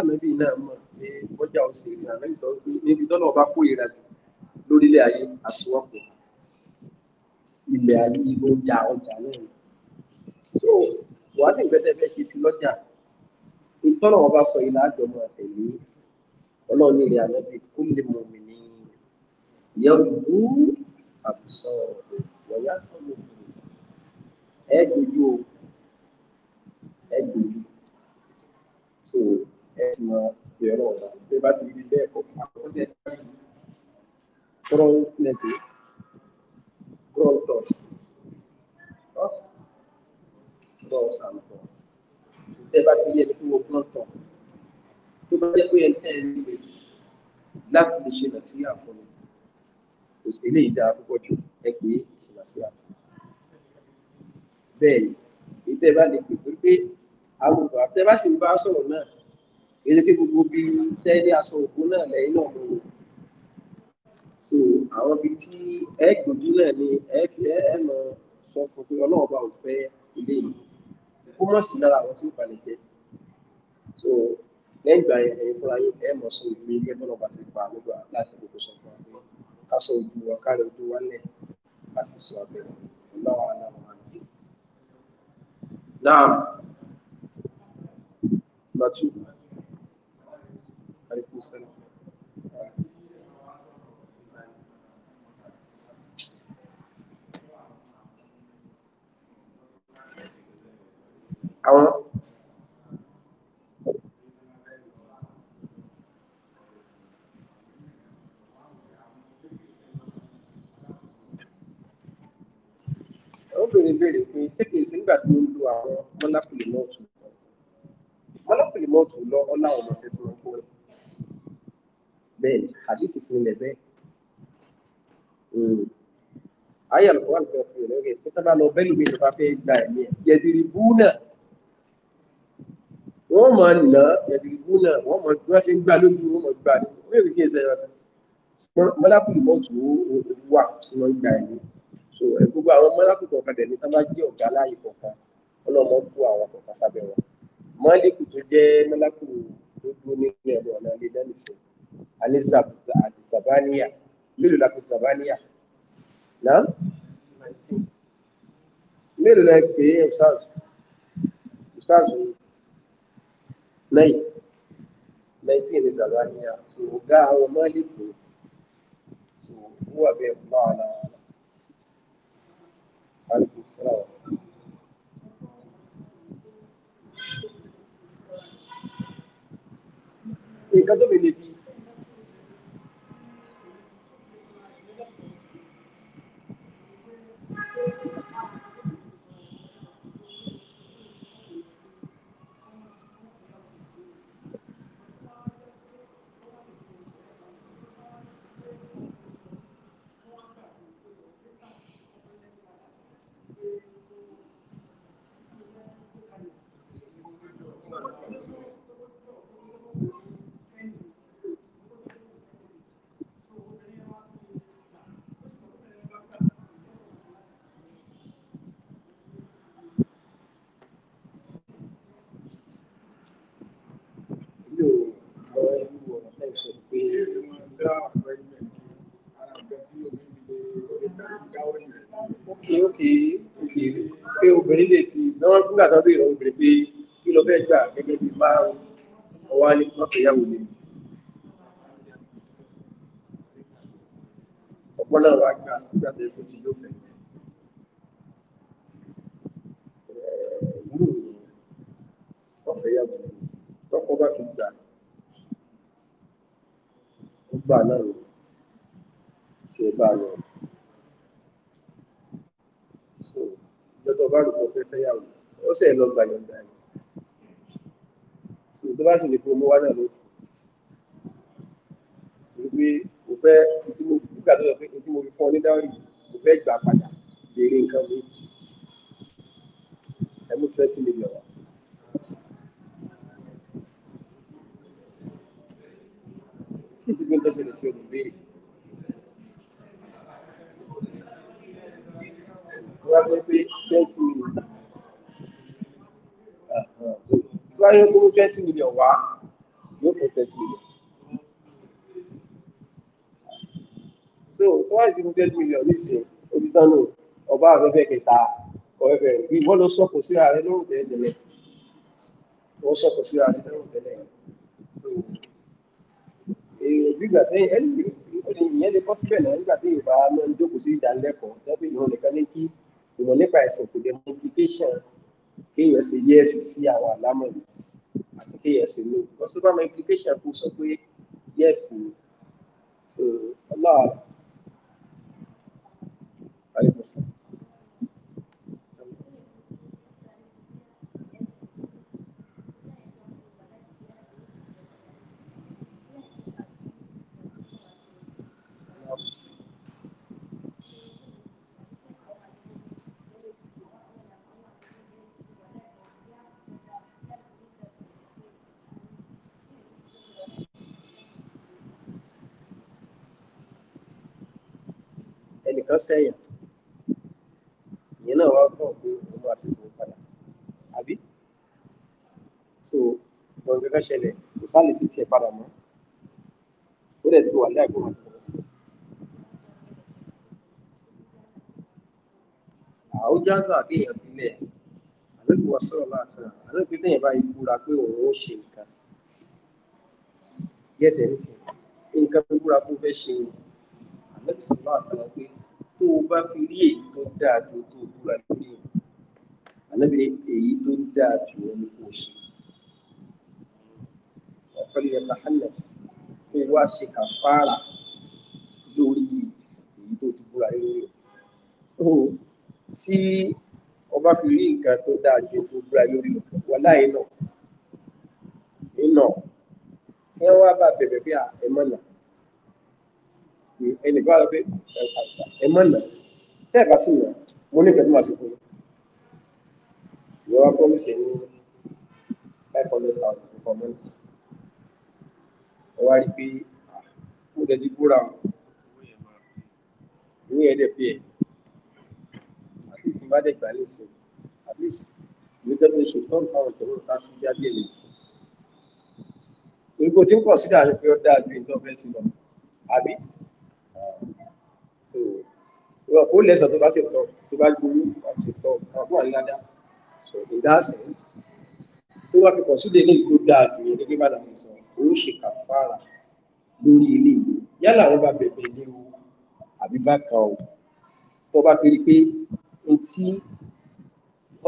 Speaker 1: kánàbì náà mọ̀ pé ọjà òsèré ànábì sọ pé níbi tọ́nà ọba kó ìrà lórílẹ̀ ayé àsùwọ̀pọ̀ ilẹ̀ ayé ọjà ọjà náà so wàhálà ìgbẹ́tẹ̀ fẹ́ ṣe sí lọ́jà ìtọ́nà ọba sọ ilẹ̀ àjọmọ àtẹ̀lé ọlọ́run ní ilẹ̀ ànábì kó lè mọ̀ mí ní yọ̀dú àbùsọ̀ wọ̀nyá tó lè mọ̀ ẹ́ so ẹ̀sìn ẹ̀rọ tó bá ti rí bẹ́ẹ̀ kọ́ kọ́ńtẹ̀ crawl net crawl tops balls and ball tẹ́ bá ti rí ẹni tó wọ crawl top tó bá jẹ́ pé ẹni tẹ́ ẹ nílé láti lè ṣe lọ sí àfọlù kò sí eléyìí dáa púpọ̀ jù ẹ pé sí àfọlù bẹ́ẹ̀ ni èyí bá lè pè tó pé àwòrán tẹ́ ń bá sọ̀rọ̀ náà èdè pé gbogbo bíi tẹ́lẹ̀ aṣọ òkú náà lẹ́yìn náà lò so àwọn ibi tí ẹ gbòjú náà ni ẹ fi ẹ mọ sọ fún pé ọlọ́run bá ò fẹ́ ilé yìí kó mọ̀ sí lára àwọn tí ń balẹ̀ jẹ́ so lẹ́yìn ìgbà yẹn ẹ̀yin fúnra yín ẹ mọ̀ sọ ojú mi gẹ́gẹ́ bọ́lọ́ bá ti pa nígbà láti gbogbo sọ fún wa pé ká sọ ojú wa kárí ojú wa lẹ̀ ká sì sọ abẹ́rẹ́ ọlọ́run aláwọ̀ wa sẹ́nu. àwọn obìnrin béèrè pé ṣé kìí ṣe nígbà tí mo ń lo àwọn mọ́lápìlì mọ́ọ̀tù mọ́lápìlì mọ́ọ̀tù lọ ọlá ọ̀nà ṣe tí wọ́n kó rẹ̀ bẹ́ẹ̀ ni hadisi fi lẹ̀ bẹ́ẹ̀ hmm. ayé alùpùpù àlùpùpù fi lẹ̀ bẹ́ẹ̀ tó tábà lọ bẹ́ẹ̀ lómi ìjọba fẹ́ gba ẹ̀mí ẹ̀ yẹ̀dìrì búnà wọ́n mọ̀ nà yẹ̀dìrì búnà wọ́n mọ̀ bí wọ́n ṣe ń gbà lójú wọ́n mọ̀ gbà lójú wọ́n yẹ̀ kí ẹ̀sẹ̀ mọ́lákùlù mọ́tò wà tí wọ́n gba ẹ̀mí so gbogbo àwọn mọ́lákù kọ̀ọ̀kan dẹ̀ ní tábà jẹ́ ọ̀gá láàyè kọ̀ọ̀kan ọlọ́mọ kó àwọn kọ̀ọ̀kan sábẹ́ wọn mọ́lẹ́kù tó jẹ́ mọ́lákù tó dúró nínú ẹ̀rọ ọ̀nà ilé dánìsìn alisabaniya mélòó la fi sabaniya na mélòó la pè é ustaz ustaz lẹ́yìn nineteen ní sabaniya so ọgá àwọn mọ́lẹ́kù so wúwà bẹ́ẹ̀ fún wa náà. عليكم mi lè fi nígbà tó bí ìrọ̀rùn bèrè pé kí ló fẹ́ gbà gẹ́gẹ́ bí márùn ọwọ́ ní mọ́fẹ̀yàwó ni. ọ̀pọ̀lọpọ̀ àgbà nígbà tó yẹ kó ti yóò fẹ́. mọ́fẹ̀yàwó ni tọ́kọ bá fi gbà ó gbà náà lọ ṣe bá lọ. ìjọba àlùkò fẹ́ fẹ́yàwó ó sì lọ gbà yọ̀ǹda yìí so tó bá sì lè kó mú wá náà ló kù torí pé mo fẹ́ tí mo fi kúkà tó sọ pé tí mo fi fún ọ ní dáwọ́ yìí mo fẹ́ gbà padà béèrè nǹkan mi ẹ mú twenty million wá. sí ti gbé ń tọ́sílẹ̀ olùbéèrè. wọ́n á gbé pé twenty million tó bá kó twenty million wá yóò fún twenty million. so tó bá ti twenty million nísìnyí olùdáná ọba afẹ́fẹ́ kẹta ọ̀fẹ́ bí wọ́n lọ sọ̀kọ̀ sí ààrẹ lórúkọ tẹ́lẹ̀ wọ́n sọ̀kọ̀ sí ààrẹ lórúkọ tẹ́lẹ̀ nígbà tí ìyẹn lè kọ́ síbẹ̀ náà nígbà tí Yorùbá máa ń jókòó sí ìdánilẹ́kọ̀ọ́ lẹ́bí ìyẹn nìkan ní kí ìmọ̀ nípa ẹ̀sìn kò dé modification kéèyàn ṣe yẹ́ẹ̀sì sí àwọn àlámọ̀ yìí àti kéèyàn ṣe no because ó bá implication kó sọ pé yẹ́ẹ̀sì ni so ọlọ́run. Vale, pues. kan sẹ́yìn ìyẹn náà wá kọ̀ pé òun máa padà àbí so wọn gbé fẹ́ ṣẹlẹ̀ kò sáàlì sí tiẹ̀ padà mọ́ ó dẹ̀ tó wà ní àgbo àti àwùjáza àkéèyàn bílẹ̀ àlejò wọ sọ̀rọ̀ láàṣà àlejò bílẹ̀ bá ìbúra pé òun ó ṣe nǹkan yẹ́dẹ̀ nìsín nǹkan búra kó fẹ́ ṣe àlejò sọ̀rọ̀ láàṣà pé tó o bá fi rí èyí tó dáa tó tó o búra lórí ẹ̀ ànábì èyí tó dáa tó o ní kó o ṣe ọ̀fẹ́lẹ̀ ẹ̀ka hàlẹ̀ kó o wá ṣe kàfàrà lórí èyí tó ti búra lórí ẹ̀ tó tí o bá fi rí nǹkan tó dáa tó o búra lórí ẹ̀ wọ́n láyé náà nínú tí wọ́n bá bẹ̀rẹ̀ bí ẹ̀mọ́nà ẹnìkan wà pé ẹ mọ̀ nà tẹ́ ẹ bá sì nà mo ní ìfẹ́ tó máa ṣe fún yín ìwọ wa kọ́ mi ṣe ní five hundred thousand for money ẹ wá rí pé mo tẹ́ ti búra ìwé yẹn dẹ̀ pé ẹ̀ at least nígbà dẹ̀ gbà ní ìsìn at least ìwé tẹ́ fi ṣe tọ́nu fáwọn ìjọba ìta sí bí abẹ́ mi tí ń pọ̀ sí dáa ni pé ó dáa ju ìtọ́fẹ́ sí lọ àbí ó lẹ́sọ̀ tó bá ṣe tọ̀ tó bá gbowó àti ṣe tọ̀ àbúrò àyíláda so in that sense tó wá fi kọ̀sídẹ̀ ní ìtò dáa jù yẹn gẹ́gẹ́ bá dàbí sọ ó ṣe kàfàrà lórí ilé yìí yálà wọn bá bẹ̀bẹ̀ lé o àbí bá kan o tó bá fi pé n tí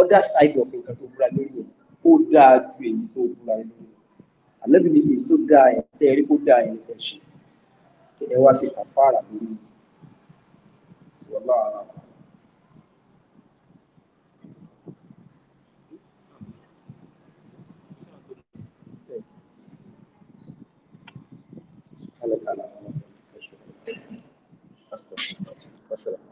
Speaker 1: other side of nǹkan tó búra lórí yẹn ó dáa ju èyí tó búra lórí yẹn àlẹ́bí ni èyí tó dáa yẹn tẹ́ rí kó dáa yẹn tẹ́ ṣe ẹ wá sí kàfàrà lórí yẹn. والله أعلم سبحانك على ما أستغفرك والسلام